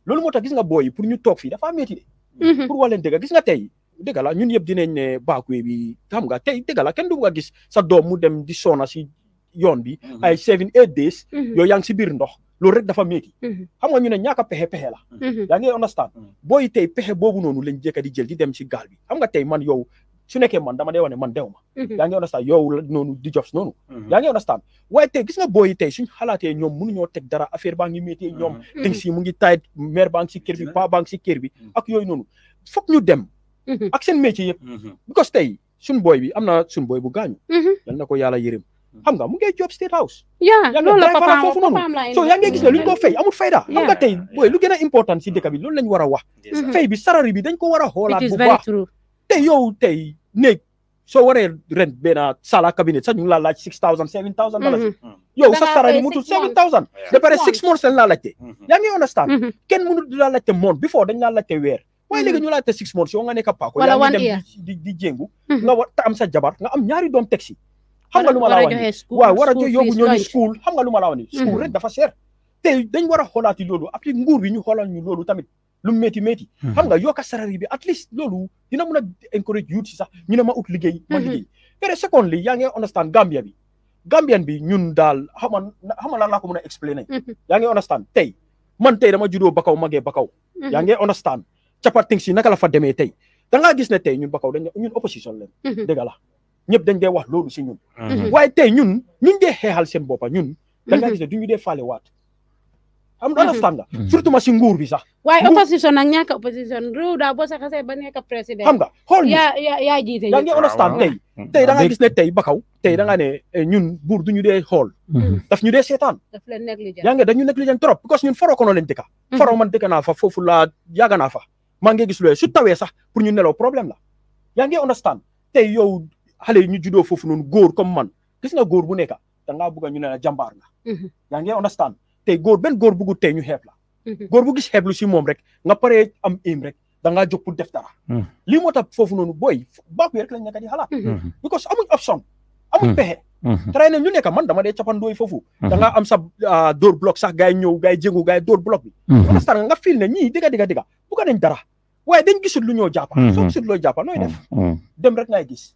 loolu moo tax gis nga booyi pour ñu toog fi dafa métti de pour wax leen dëgg gis nga tey dëgg la ñun yëpp dinañ ne baakuwe bi xam nga tey dëgg la kenn du bugg gis sa doom mu dem di soona si yoon bi ay seven eight days yooyu si biir ndox loolu rek dafa métti mhm. xam nga ñu ne ñaaka pexe pexe la mhm. yaa ngi understand mhm. booy tey pexe boobu noonu lañ jëkka di jël di dem si gaal bi xam nga tey man yow su nekkee man dama dee wane man dew ma yaa ngi understand yow noonu di jobs noonu yaa ngi understand waaye tey gis nga booyi tey suñ xalaatee ñoom mënuñoo teg dara affaire baa ngi métti ñoom things yi mu ngi taayit maire baa ngi si kër bi pa baa ngi si kër bi ak yooyu noonu foog ñu dem ak sen métier yëpp tey suñ booy bi am na suñ booy bu gaañu yal na ko yàlla yërëm xam nga mu ngi job state house. yaa loolu la papa foofu noonu so yaa ngi gis ne lu ñu ko fay amul fayda. xam nga tey booy lu gën a important si dëkk bi loolu lañ war a wax. fay bi sarari bi dañ ko war a xoolaat bu baax. tey yow tey néeg soo waree rent benn sala cabinet sax ñu ngi laa laaj six thousand seven thousand dollars. Mhm. Hmm. yow sa sarari mutul seven thousand. de pare six months lañ laa laajte. yaa ngi understand. kenn mënul di laa laajte month before dañ laa laajte weer. waaye mhm. léegi ñu laajte six mois yow nga nekk paako. wala year yaa ngi dem di di jéngu. nga war am sa jabar nga am ñaari doom taxi xam nga lu ma la wane waaw war a jo school xam nga lu ma la wane school mm-hmm. rek dafa cher te dañ war a xoolaati loolu après nguur bi ñu xoolal ñu loolu tamit lu métti métti xam mm-hmm. nga yokka salary bi at least lolo, dina mun encourage youth si sax ñu ne ma ut liggéey ma mm-hmm. liggéey pere secondly yaa ngi understand Gambia bi Gambian bi ñun Hama, xama xama lan laa ko mën a explainer yaa understand tey man tey dama juddoo bakaw magee bakaw yaa ngi understand capar things yi naka la fa demee tey da ngaa gis ne ñun bakaw dañ ñun opposition leen dëgg la ñëpp dañ dee wax lolu ci ñun mhm. waye tay ñun ñun dee xéxal seen bopa ñun mhm. da nga gis ne duñu dé falé waat am understand nga mhm. surtout ma ci nguur bi sax waye opposition nak ñàkk opposition rew da bo sax xé ba nek président xam nga ya jité jiite nga on understand ah, tey tay da nga gis ne tey bakaw tay da nga ne eh, ñun bur duñu dé xool daf ñu dee seetaan ya nga dañu négligent trop parce ñun ñun ko no leen dika faroo man dika na fa fofu la yaga na fa ma nga gis lu su tawé sax pour ñu nélo problème la yaa ngi understand tey yow xalé ini ñu judo fofu non goor comme man gis nga goor bu nekka jambarna. nga mhm. bëgg ñu neena jambar nga ya nga understand té goor ben goor bëggu té ñu xép la mhm. goor bu gis lu si mom rek nga paré am im rek nga jox pour def dara mhm. li moo tax foofu noonu booy rek lañ nekk di xalaat because amuñ option amuñ pexé trainer ñu nekk man dama doy fofu da nga am sa ah, door block, sax gaay ñew gaay jëngu gaay door block. bi understand nga né ñi diga diga diga bu ko nañ dara waaye dañ gisul lu ñoo jàppa so gisul loo jàppa noy def dem rek ngay gis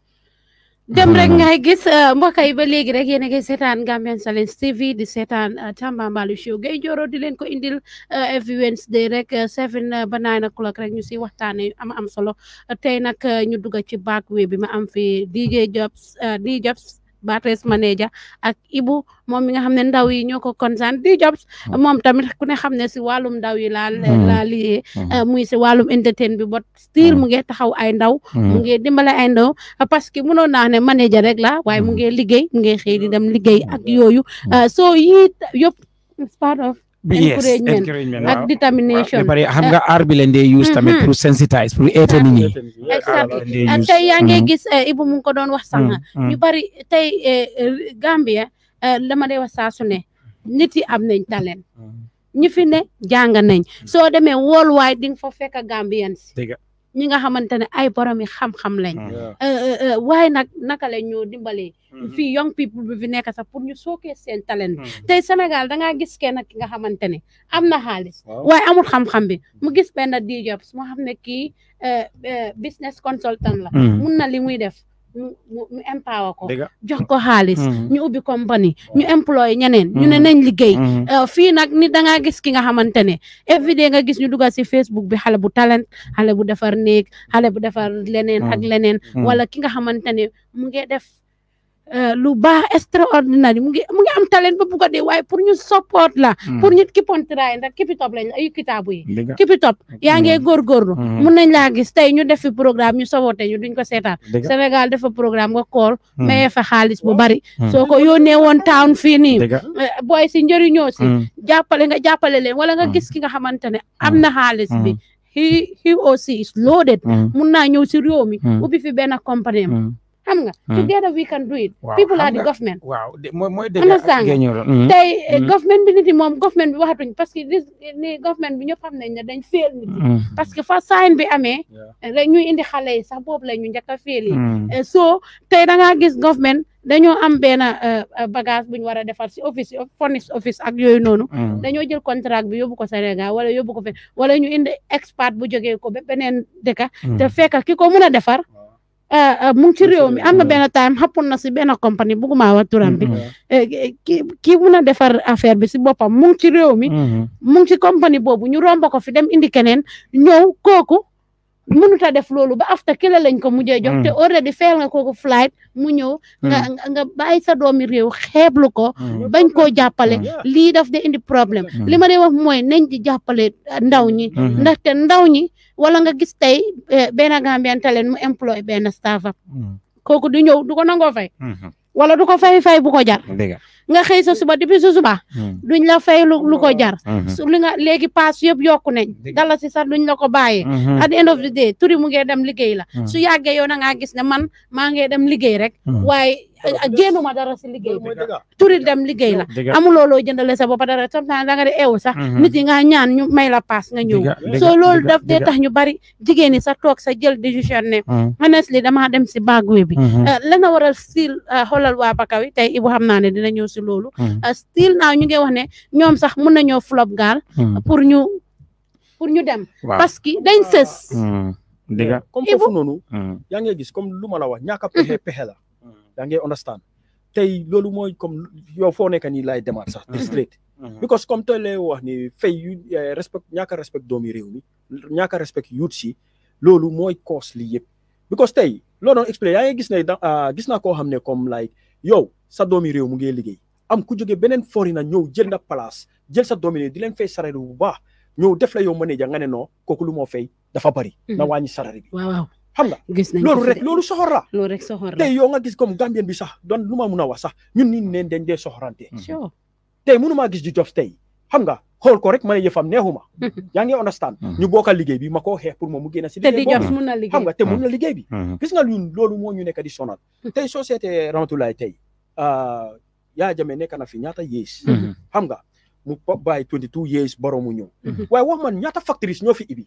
dem rek mm. ngay gis euh, mbokk yi ba léegi rek yéen a ngi seetaan Gambian Talents TV di seetaan euh, Tambambalu show Gaye Njoro di leen ko indil euh, every Wednesday rek seven ba nine o'clock rek ñu si waxtaanee am am solo tey nag ñu dugg ci back way bi ma am fi DJ Jobs DJ Jobs. Barthes manager ak Ibu moom mi nga xam ne ndaw yi ñoo ko concerne di jobs moom tamit ku ne xam ne si wàllum ndaw yi laa liggéey mm-hmm. mm-hmm. euh, muy si wàllum entertain bi bot still mu mm-hmm. nge taxaw ay ndaw mu ngi dimbale ay ndaw parce que mënoon naa ne manager rek la waaye mu ngi liggéey mu ngi xëy di dem liggéey ak yooyu euh, so yi yëpp it's part of encouragement ak determination bari xam nga aar bi leen dee mm-hmm. tamit pour sensitize pour eete nit ñi ak tey yaa ngi mm-hmm. gis eh, Ibu mu ko doon wax sànq mm-hmm. ñu bari tey eh, Gambia dama eh, dee wax saa su ne nit yi am nañ talent ñi fi ne jàng nañ soo demee worldwide di nga fa fekk Gambians ñi nga xamante ne ay boromi xam-xam lañ mm. euh, euh, euh, waaye nag naka la ñoo dimbale mm-hmm. fii young people bi fi nekk sax pour ñu sookee seen talent bi mm. tey Sénégal dangaa gis kenn nag ki nga xamante ne am na xaalis waaye amul xam-xam bi mu gis benn di jobs xam ne kii business consultant la mm. mun na li muy def ñu ñu empower ko jox ko xaalis mm-hmm. ñu ubbi compagnie ñu mm-hmm. employé ñeneen ñu ne mm-hmm. nañ liggéey euh, fii nag ni dangaa gis ki nga xamante ne every nga gis ñu dugal si Facebook bi xale bu talent xale bu defar néeg xale bu defar leneen ak leneen wala ki nga xamante mu ngi def Euh, lu baa extraordinary mu ngi mu ngi am talent ba bugg a dee waaye pour ñu support la hmm. pour ñu keep on trying ndax keep it up lañ ay kitaabu yi keep it up yaa ngi góorgóorlu hmm. nañ laa gis tey ñu def fi programme ñu sabote ñu duñ ko seetaan Sénégal defa programme nga kool hmm. mayee fa xaalis bu bari soo ko yónnee woon town fii nii eh, booy si njëriñoo si jàppale nga jàppale leen wala nga gis ki nga xamante ne am na xaalis bi he he aussi is loaded mun naa ñëw si réew mi ubbi fi benn compagnie xam nga hmm. together we can do it people are the government waaw mooy dëgg understand hmm. tey eh, hmm. government bi nit yi moom government bi waxatuñ parce que ni government bi ñëpp xam nañ ne dañ féel parce que fa sign bi amee rek ñuy indi xale yi sax boobu la ñu njëkk a féel yi eh, so tey da gis government dañoo am benn eh, bagage bu ñu war a defar si office foreign office ak yooyu noonu dañoo jël contrat bi yóbbu ko Sénégal wala yóbbu ko fe wala ñu indi expert bu jógee ko ba beneen te fekk ki ko mën a defar Eh, eh, mu ngi ci réew mi am na benn time xappoon na si benn compagnie bugguma wa turam bi mm-hmm. eh, ki kii mun a defar affaire bi si boppam mu ngi ci réew mi mm-hmm. mu ngi ci boobu ñu romb ko fi dem indi keneen ñëw kooku mënut a def loolu ba afta kële lañ ko mujjee jox mm. te di feel nga kooku flight mu ñëw mm. nga nga bàyyi sa doomi réew xeeblu ko mm. bañ koo jàppale lii daf de indi problème li ma dee wax mooy nañ di jàppale ndaw ñi mm-hmm. Mm-hmm. ndaxte ndaw ñi wala nga gis tey eh, benn Gambian Talents mu employé benn staff kooku di ñëw du ko nangoo fay mm-hmm. wala du ko fay fay bu ko jar nga xëy sa suba depuis sa suba hmm. duñ la fay lu lu ko hmm. jar hmm. su li nga léegi paas yëpp yokku nañ dala si sax duñ la ko bàyyee at the end of the day turi mu ngee dem liggéey la su yàggee yow na ngaa gis ne man maa ngee dem liggéey rek waaye génnuma dara si liggéey bi turi dem liggéey la amu loo jëndale sa bopp dara sometimes da nga di eewu sax mhm. nit yi nga ñaan ñu may la paas nga ñëw soo loolu daf dee tax ñu bari jigéen ñi sa toog sa jël décision ne mhm. honestly damaa dem si bagwe bi mhm. eh, lana waral still eh, xoolal waa Bakaw yi tey Ibu xam naa ne dina ñëw si loolu eh, still naaw ñu ngi wax ne ñoom sax mun nañoo flop gaal pour ñu pour ñu dem parce dañ sës dëgg comme foofu noonu yaa ngi gis comme lu ma la wax ñàkk a pexe pexe la yaa ngi understand tey loolu mooy comme yow foo nekk nii laay demaat sax district mhm. mhm. because comme tey lay wax ni fay yu eh, respect ñaaka respect doomi réew mi ñaaka respect yuut si loolu mooy cause lii yëpp because tey loo doon yaa ngi gis ne ah, gis naa koo xam ne comme like yow sa doomi réew mu ngi liggéey am ku jóge beneen fori na ñëw jël na place jël sa doomi réew di leen fay salaire bu baax ñëw def la yow manager nga ne non kooku lu moo fay dafa bari na mhm. wàññi salaire bi xam nga loolu rek loolu soxor la loolu rek soxor la tey yow nga gis comme Gambien bi sax doon lu ma mun a wax sax ñun nit neen dañ dee soxorante mm-hmm. tey mënu maa gis di job tey xam nga xool ko rek ma ne yëfam neexuma mm-hmm. yaa ngi understand mm-hmm. ñu bokkal liggéey bi ma koo xeex pour moom mu génn si liggéey boobu xam nga te mun na liggéey bi gis nga ñun loolu moo ñu nekk di sonal tey soo seetee Ramatulaay tey ah, yaa jame nekk na fi ñaata yees xam nga mu bàyyi 22 years borom mu ñëw waaye wax man ñaata factories ñoo ibi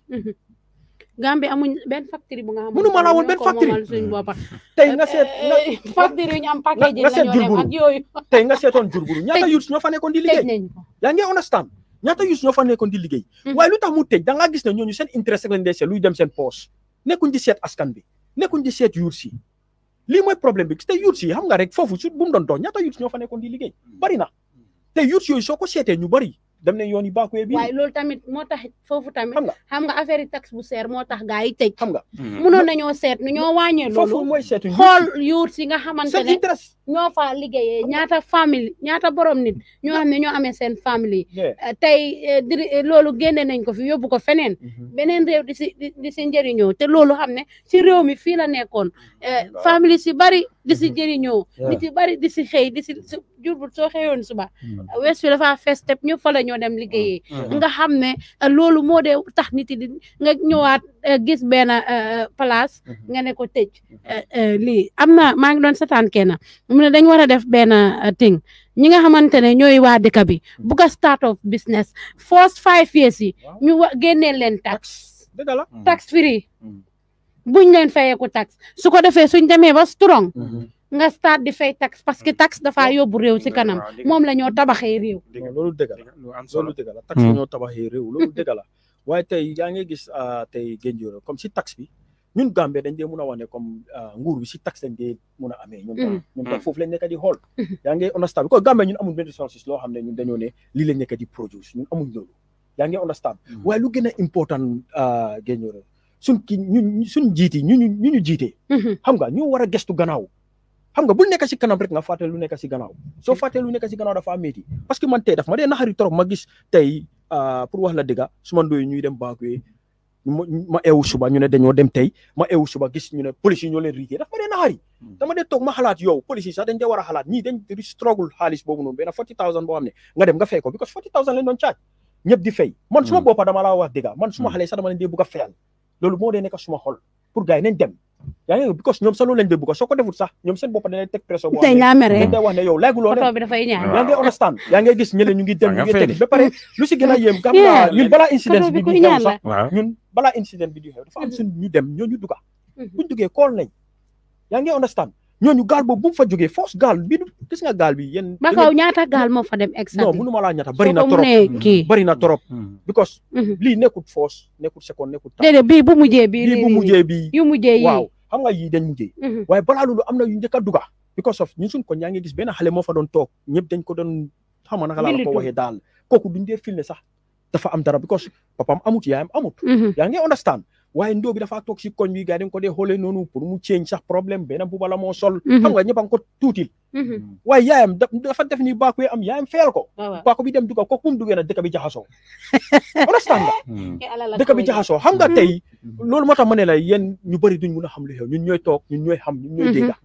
Gambie amuñ benn factory bu nga xam mënuma laa woon benn factory hmm. tey nga seet eh, eh, am package nga seet jurburu ak yooyu tey nga seetoon jurburu ñaata fa nekkoon di liggéey yaa ngi understand ñaata youths ñoo fa nekkoon di liggéey hmm. waaye lu seet luy dem seen poche nekkuñ di seet askan bi nekkuñ di seet youths yi lii mooy problème bi te youths yi xam nga rek foofu su bu mu ñoo fa nekkoon di liggéey bari na te yooyu soo ko seetee ñu bari dem nañ yoon yi baakuwee bi waaye loolu tamit moo tax foofu tamit xam affaire yi taxe bu seer moo tax gaa yi tëj xam nga mm-hmm. mënoon nañoo seet nu ñoo wàññee loolu foofu mooy seetu xool yuur si nga xamante ne ñoo fa liggéeyee ñaata famille ñaata borom nit ñoo xam ne ñoo amee seen famille euh, tey euh, diri euh, loolu génne nañ ko fi yóbbu ko feneen mm-hmm. beneen réew di si di si njëriñoo te loolu xam ne si réew mi fii la nekkoon famille si bari di si mhm. jëriñoo nit yi bari di si xëy di si jur jurbut soo xëyoon suba mm. wees fi dafa fees tep ñëpp fa la ñoo dem liggéeyee mm. Mm. nga xam ne eh, loolu moo dee tax nit yi di nga ñëwaat eh, gis benn eh, palace mm-hmm. nga ne ko tëj lii am na maa ngi doon sataan kenn mu ne dañ war a def benn ting ñi nga xamante ne ñooy waa dëkk bi bugg a start of business first five years yi ñu génnee leen tax tax free buñ fayé ko tax su ko defee suñ démé ba strong mhm. nga start di fay tax parce que tax dafa yobou rew ci kanam mom lañu tabaxé rew lolu loolu lu am solo dëgg tax ñoo tabaxé rew lolu dëgg la hmm. waaye tey yaa ngi gis ah, tay génjooro comme ci tax bi ñun gambé dañ dé mëna wone wane comme ah, nguur bi si tax dañ dé mëna amé ñun ñun tam hmm. fofu lañ nekk di xool hmm. yaa ngi understand ko gambé ñun amul benn source lo xamné ñun dañu né li lañ nekk di produce ñun amuñ loolu yaa ngi understand waye lu gëna important ah, génjooro suñ ki ñu suñ jiiti ñu ñu ñu jiite. Mhm. xam nga ñu war a gestu gannaaw. xam nga bul nekk si kanam rek nga fàtte lu nekk si gannaaw soo fàtte lu nekk si gannaaw dafa métti parce que man tey daf ma dee naxari trop ma gis tey ah, pour wax la dëgga suma ndoy ñuy dem baakuye ma eewu suba ñu ne dañoo dem tey ma eewu suba gis ñu ne police yi ñoo leen riitee daf ma dee naxari hmm. dama dee toog ma xalaat yow police yi sax dañ dee war ñii dañ di struggle xaalis boobu noonu benn loolu mo day nek suma xol pour gay nañ dem ya nga because ñom sa loolu lañ bëgg ko soo defut sax ñom seen bop da lay tek pression boo day ya wax ne yow léegi loolu ya nga understand ya nga gis ñele ñu ngi dem ñu ngi tek ba pare lu ci gëna a yéem la ñun bala incident bi di xew sax ñun bala incident bi di xew dafa am mm-hmm. suñu ñu dem ñoo ñu duga buñ mm-hmm. dugee kool nañ ya nga understand ñooñu gaal boobu bu mu fa jógee force gaal bi gis nga gaal bi yéen. Makaw ñaata gaal moo fa dem exactement. non mënu ma laa ñaata bari na trop bari na trop. Mm-hmm. because mm-hmm. lii nekkul force nekkul seconde nekkul temps. déedéet bii bu mujjee bii bii bu mujjee bii. yu mujjee yi waaw xam nga yii dañ mujjee. Mm-hmm. waaye balaa loolu am na yu njëkk a duga. because of ñun suñ ko ñaa ngi gis benn xale moo fa doon toog ñëpp dañ ko doon xam nga naka laa la ko waxee daal kooku duñ dee filmé sax dafa am dara because am amut yaayam amut. yaa ngi understand waaye ndóo bi dafaa toog si koñ bi gars yi ko dee xoolee noonu pour mu change sax problème benn bu bala moo sol mhm. xam nga ñëpp a ngi ko tuutil mhm. waaye yaayam dafa def ni baaku am yaayam feyal ko baaku bi dem dugal ko kum duggee na dëkk bi jaxasoo understand nga hmm. dëkk bi jaxasoo xam nga hmm. tey hmm. loolu moo tax ma ne la yéen ñu bëri duñ mun a xam lu xew ñun ñooy toog ñun ñooy xam ñun ñooy mhm. dégga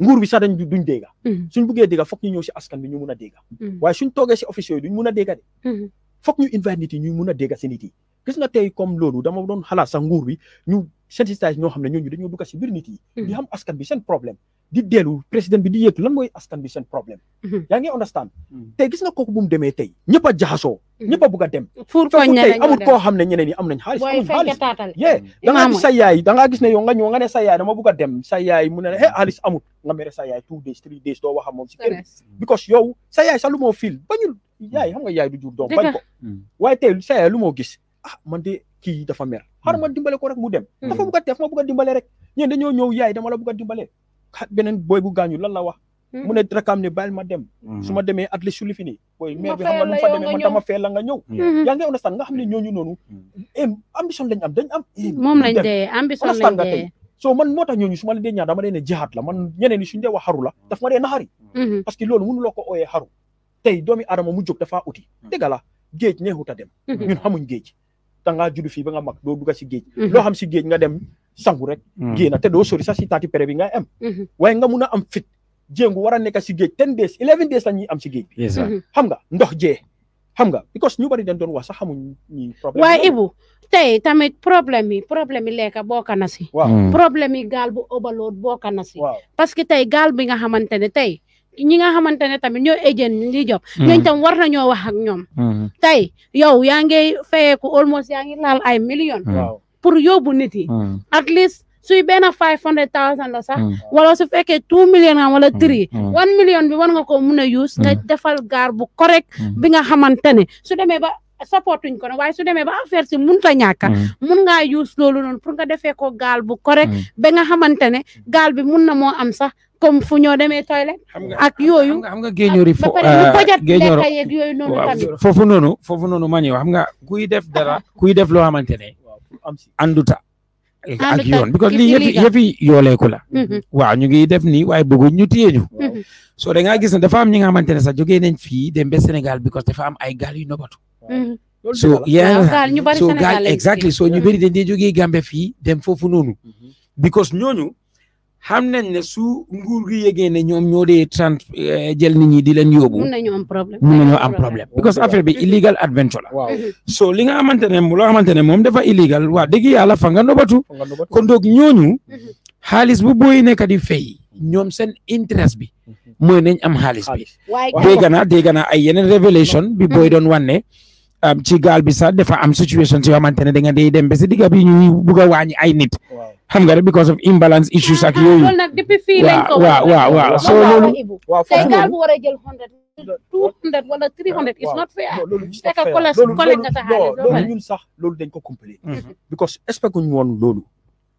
nguur bi sax dañ duñ dégga suñ buggee dégga foog ñu ñëw si askan bi ñu mun a dégga waaye suñ toogee si office yooyu duñ mun a dégga foog ñu invite nit ñu mun a dégg si nit tey comme loolu dama doon xalaat sax nguur bi ñu sensitise ñoo xam ne ñooñu dañoo dugg si biir nit yi hmm. askan bi seen problème di dellu président bi di yëg lan mooy askan bi seen problème hmm. yaa ngi understand hmm. tey gis nga kooku demee tey ñëpp a jaxasoo ñëpp a bugg a dem tey amul koo xam ne ñeneen yi am amut eh, nga mere two days three days doo wax moom si kër because yow sa lu moo fiil bañul yaay hmm. xam nga yaay du jur doom bañ ko hmm. waaye tey sa yaay lu moo gis a ah, man de kii dafa mer hmm. xaaral ma dimbale ko rek mu dem dafa bugg a def ma bugg a dimbale rek ñeen dañoo ñëw yaay dama la bugg a dimbale beneen boy bu gaañu lan la wax mu ne rakam ne bàyyil ma dem su ma demee at li suli fi nii booy maire bi xam nga man dama fee la nga ñëw yaa na understand nga xam ne ñooñu noonu ambition lañ am dañ am moom lañ dee ambition lañ dee man moo tax ñooñu su ma leen dee ñaan dama dee ne jihaat la man ñeneen ñi suñu wax xaru la daf ma dee naxari parce que loolu mënu loo ko ooyee xaru tay doomi adama mu jog dafa uti hmm. degala geej ne huta dem hmm. ñun xamuñ géej nga judd fi ba nga mag do duga si geej hmm. lo xam si geej nga dem sangu rek geena te do sori sa ci tati pere bi nga am waaye nga mëna am fit jéngu wara nek ci si 10 ten days eleven days lañuy am si geej xam nga ndox je xam nga because ñu bari dañ doon wax sax xamuñ ni problème waaye Ibu tay tamit problème yi problème yi leka bokk na problème yi gal bu obalot bokk na parce que tay gal bi nga xamantene tay ñi nga xamante ne tamit ñoo agent li job mm-hmm. ñooñu tam war nañoo wax ak ñoom mm-hmm. tey yow yaa ngi fayeeku almost yaa ngi laal ay million mm-hmm. pour yóbbu nit yi at least suy benn five hundred thousand la sax wala su fekkee two million am wala three one million bi war nga ko mun a use na defal gaar bu correct bi nga xamante ne su demee ba supportuñ ko ne waaye su demee ba affaire si mënut a ñàkk mm. mun ngaa use loolu noonu pour nga defee ko gaal bu correct mm. ba nga xamante ne gaal bi mun na moo am sax comme fu ñoo demee toilette ak yoyu xam nga géeñoori fo euh, géeñoor yeeg yooyu noonu foofu noonu foofu noonu ma ñëw xam nga guy def dara kuy def loo xamante ne anduta ak yoon because lii yëfi yëfi yooleeku la mm-hmm. ñu ngi def nii waaye bëgguñ ñu téye ñu mm-hmm. so da nga gis ne dafa am ñi nga xamante ne sax jógee nañ fii dem ba Sénégal because dafa am ay gaal yu nobatu Mm-hmm. so yaa ngi so gaañ exactly so ñu mm-hmm. bëri dañ dee jógee Gambia fii dem foofu noonu mm-hmm. because ñooñu xam nañ ne su nguur gi yëgee ñoom ñoo dee trans eh, jël nit ñi di leen yóbbu mun nañoo am problème am problème because affaire bi illegal adventure so li nga xamante ne mu la xamante ne moom dafa illegal waa dëgg yàlla fa nga nobatu kon donc ñooñu xaalis bu booy nekk di fay ñoom seen interest bi mooy nañ am xaalis bi dégg naa dégg naa bi booy doon wan ci gaal bi sax dafa am situation yoo xamante ne da nga day dem ba si digga bi ñuy bugg a wàññi ay nit. xam nga rek because of imbalance issues ak yooyu. loolu nag depuis fii lañ ko waaw waaw waaw soo loolu. waaw foofu gaal bu war a jël 100 not fair. loolu loolu ko compléter. Mm-hmm. because expect ñu woon loolu.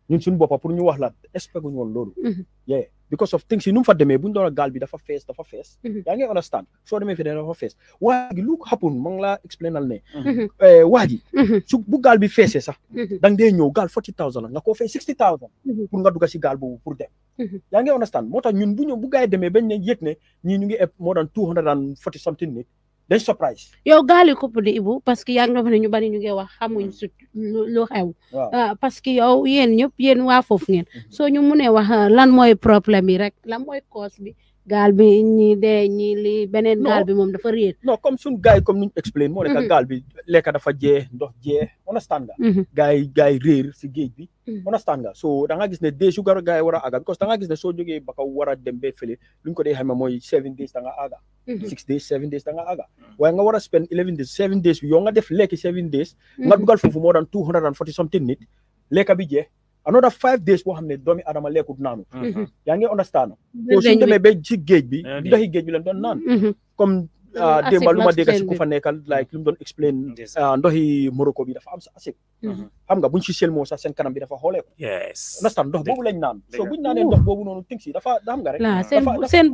ñun suñu boppa pour ñu wax la expect ñu woon loolu mhm. yeah because of things yi nu mu fa demee bu ñu doon gaal bi dafa fees dafa fees mhm. yaa ngi understand soo demee fi ne dafa fees waa ji lu happen ma ngi explainal ne mhm. eh, waa ji su bu gaal bi feesee sax da nga dee ñëw gaal forty thousand la nga koo fay sixty thousand pour nga dugga si gaal boobu pour dem yaa ngi understand moo tax ñun bu ñëw bu gaay demee bañ ne yëg ne ñii ñu ngi moo daan two hundred and forty something nit dañ surprise. yow gaali kopp di Ibu parce que yaa ngi ñu bari ñu ngi wax xamuñ mm. su lu xew. Ah, parce que yow yéen ñëpp yéen waa foofu ngeen. Mm-hmm. soo ñu mënee wax ah, lan mooy problème yi rek lan mooy cause bi. gaal bi ñi de ñi li beneen gaal bi moom dafa réer non comme suñ gars comme nuñ explain moo nekk mhm. gaal bi lekka dafa jee ndox jee understand nga mhm. gars yi réer si géej bi mhm. understand nga so da nga gis ne de su gar gars yi war because da nga gis ne soo jógee ba kaw war a dem ba fële luñ ko dee xame mooy seven days da nga àgga six days seven days da nga àgga waaye nga war spend eleven days seven days bi yow nga def lekki seven days nga dugal foofu moo daan two hundred and forty something nit lekka bi jee another five days boo xam ne doomi adama lekkut naanu mhm. yaa ngi understand ko suñ demee ba ci géej bi ndoxi géej bi lañ doon naan mhm. comme ah, démba lu ma dégg si ku fa nekkal like lu mu doon explain ah, bi dafa am sa asib mhm. xam nga buñ si sel moo sax seen kanam bi dafa xooleeku understand ndox boobu lañ naan so buñ naanee ndox boobu noonu tings si dafa xam nga rek seen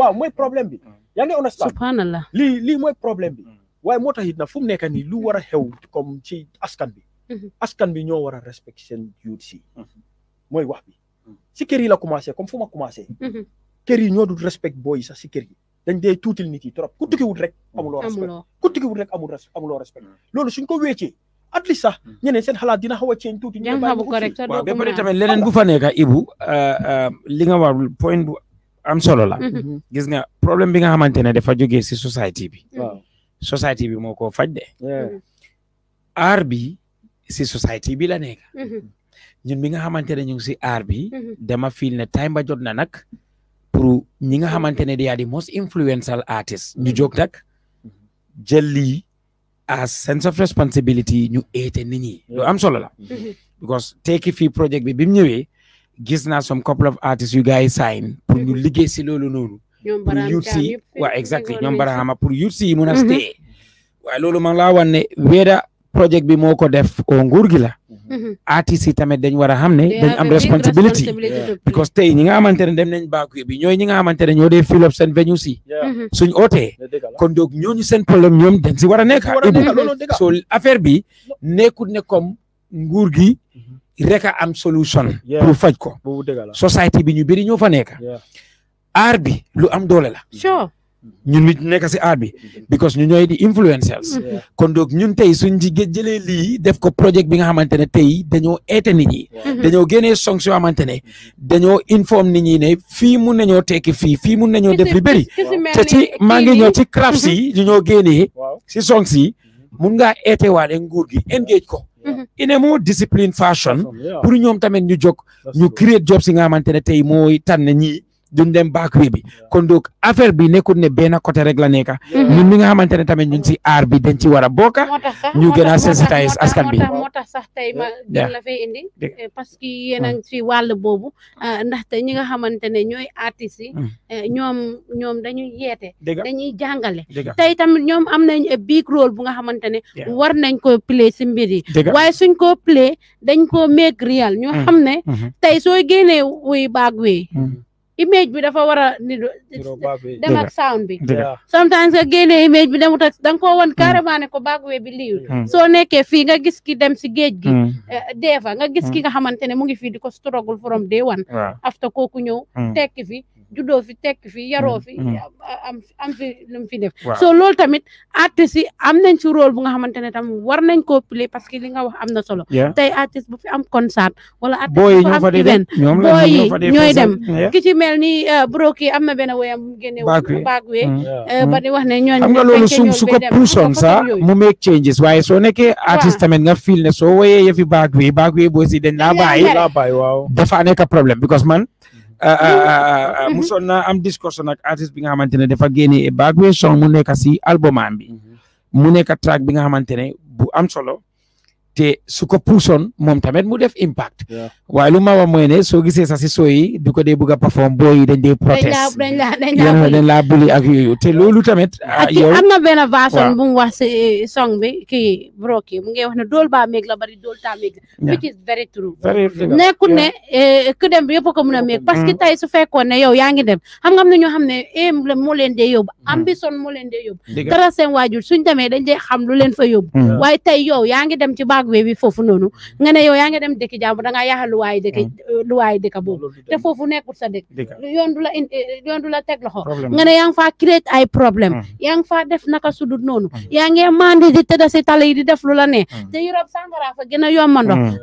waaw mooy problème bi yaa ngi understand subhanallah lii lii mooy problème bi waaye moo tax it na fu mu nekk nii lu war a xew comme ci askan bi Mm-hmm. askan bi ñoo war a respect seen youth mm-hmm. si mooy wax bi mm-hmm. si kër la commencé comme fu ma commencé kër yi ñoo dul respect booy sa si kër dañ de tuutil nit yi trop ku tukkiwut rek amuloo respect ku tukkiwut rek amul amuloo respect loolu suñ ko weecee at least sax ñeneen seen xalaat dina xaw a ceeñ tuuti ñu waaw ba pare tamit leneen bu fa nekk Ibu euh, euh, li nga war point bu am solo la nga problème bi nga xamante ne dafa jógee si société bi société bi moo ko faj de aar bi si society bi la nek mhm. ñun bi nga xamantene ñu ci si bi mhm. dama fiil ne time ba jot na nak pour ñi nga xamantene are most influential artist, ñu mhm. jog tak jël as sense of responsibility ñu été nit ñi lu am solo la because take fi project bi bi mu ñëwee gis na some couple of artists you guys sign pour ñu liggé si lolu nonu pour youth si wa exactly ñom baraxama pour youth si mun a stay wa lolu ma la wan weda Project bi moo ko def nguur gi la mhm. artiste tamit dañ wara a dañ am responsibility because tay ñi nga xamantene dem nañ baaku bi ñoy ñi nga xamantene ñoo dee fill up sen venue yi mhm. suñ ootee kon ñoo ñu sen problème ñom dañ ci wara so affaire bi nekkul ne comme nguur gi mhm. rek am solution pour fajj ko society bi ñu bëri ñoo fa nekk bi lu am doole la ñun nit nekk si aat bi because ñu ñooy di influencers mm-hmm. kon donc ñun tey suñ ci jëlee lii def ko projet bi nga xamante ne tey dañoo eete nit ñi mm-hmm. dañoo génnee song soo xamante ne dañoo informe nit ñi ne fii mun nañoo tekki fii fii mun nañoo def li bëri te ci maa ngi ñëw ci mm-hmm. crafts yi ñu ñoo génnee si songs yi mun ngaa eete waale nguur gi engage ko in a more fashion pour ñoom tamit ñu jóg ñu create jobs yi nga xamante ne tey mooy tànn ñii duñ dem back way bi kon donc affaire bi nekkul ne benn côté rek la nekka mm-hmm. ñun ñi nga xamante ne tamit ñun si aar bi dañ ci war a bokk ñu gën a sensitise bi moo tax sax tey ma la fay indi eh, parce que yéen a ngi si wàll boobu mm. eh, ndaxte ñi nga xamante ne ñooy artistes yi mm. eh, ñoom ñoom dañuy yeete dañuy jàngale tey tamit ñoom am nañ big rôle bu nga xamante ne war nañ ko play si mbir yi waaye suñ ko play dañ ko make real ñu mm. xam ne mm-hmm. tey soo génnee wuy back image bi dafa war a dem ak sound bi sometimes nga génne image bi demut ak danga ko woon carrément ne ko baagwee bi liiwul mm. mm. soo nekkee fii nga gis ki dem si géej gi fa mm. eh, nga gis ki nga xamante ne mu ngi fii di ko struggle from day one after kooku ñëw tekki fi Judo, fi tek fi yaro mm, fi mm. am am fi lu fi def so lol tamit artiste am nañ ci rôle bu nga xamantene tam war nañ ko play parce que li nga wax am solo tay artiste bu fi am concert wala artiste bu am event booy yi ñoy dem ki ci mel ni uh, broki am ben benn woyam génne baag wee mm. uh, ba di wax ne ñu am nga loolu sum su ko pousson sa mu make changes waaye so nekkee artiste tamit nga feel ne so woyee yëfi baag wee baag wee boo si la laa waaw dafa nek problème because man Ah, ah, ah, mm-hmm. musoon na am discussion ak artiste bi nga xamante ne dafa génne baagwe song mu nekk si album am bi mm-hmm. mu nekk track bi nga xamante ne bu am solo te su ko puusoon moom tamit mu def impact. waaye lu ma wax ne soo gisee sax si soo yi du ko dee bëgg a perform booy yi dañ dee protest. dañ laa dañ laa buli ak yooyu te loolu tamit. Ah, yow am na benn version bu mu wax si eh, song bi kii broki mu ngi wax ne dool ba meeg la bari dool ta meeg la. which is very true. nekkul ne eh, ku dem yëpp ko mun a meeg. Mm-hmm. parce que tey su fekkoon ne yow yaa ngi dem xam nga am ñoo xam ne aim eh, la moo leen dee yóbbu. Mm-hmm. ambition moo leen dee yóbbu. dara seen waajur suñ demee dañ dee xam lu leen fa yóbbu. Mm-hmm. waaye tey yow yaa dem ci baa ak wewi fofu nonu ngene yow ya nga dem dekk jàmbur da ngaa yaaxal luwaay dëkk mm. eh, luwaay dekk bo te fofu nekut sa dekk yon dula eh, eh, yon dula tek loxo nga ay problème yang mm. ngi def naka sudut nonu mm. ya nga mandi di tëdd ci tali di def lula ne te Europe sangara fa gën a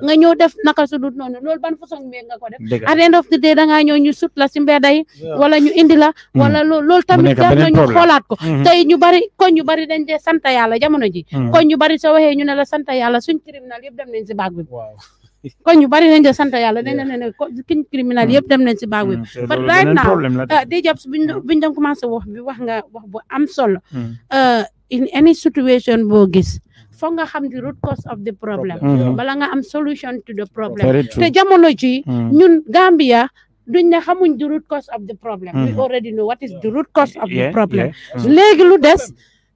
nga ñew def naka sudut nonu lol ban façon me nga ko def at end of the day da nga ñew ñu sut la ci mbeday wala ñu indi la wala lol tamit jar na ñu ko mm-hmm. tay ñu bari ko ñu bari dañ dee sant yalla jamono ji ko ñu bari so waxe ñu ne la yalla suñu criminel yëpp dem nañ si baag bi kon ñu bari nañ de sant yàlla dañ ne ne kiñ criminel mm. yëpp dem nañ si baag bi mm. but right now day uh, jobs buñ dem mm. commencé wax bi wax nga wax bu am solo uh, in any boo gis foog nga xam the root cause of the problem bala nga am solution to the problem te jamono ji ñun Gambia duñ ne xamuñ the root cause of the problem we already know des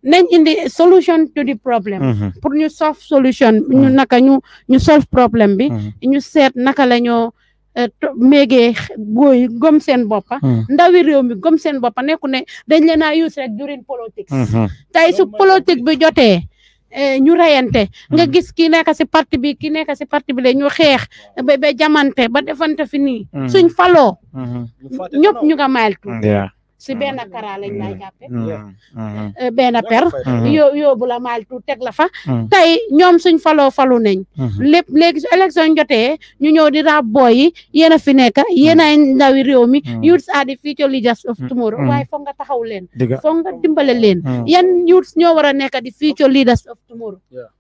nañ indi solution to the problem. Mm-hmm. pour ñu solve solution ñu mm-hmm. naka ñu ñu solve problème bi. Mm-hmm. ñu seet naka la ñoo eh, méegee góoy gom seen boppa ndawi réew mi gom seen boppa nekku ne dañ leen a use rek during politics. tey su politique bi jotee. Eh, ñu reyante nga gis kii nekk si parti bi ki nekk si parti bi la ñu xeex ba ba jamante ba defante fi nii. suñ faloo. ñëpp ñu nga mayal tuuti. si benn mm. kara lañ lay mm. mm. mm-hmm. eh, benn per mm-hmm. yo maal tu teg la fa tey ñoom suñ faloo falu nañ mm-hmm. lépp léegi su élection jotee ñu ñëw di raab booy yi yéen a fi nekk yéen ay ndawi réew mi youths are the future leaders of tomorrow waaye foog nga taxaw leen foog nga dimbale leen yan youths ñoo war a nekk di future leaders of tomorrow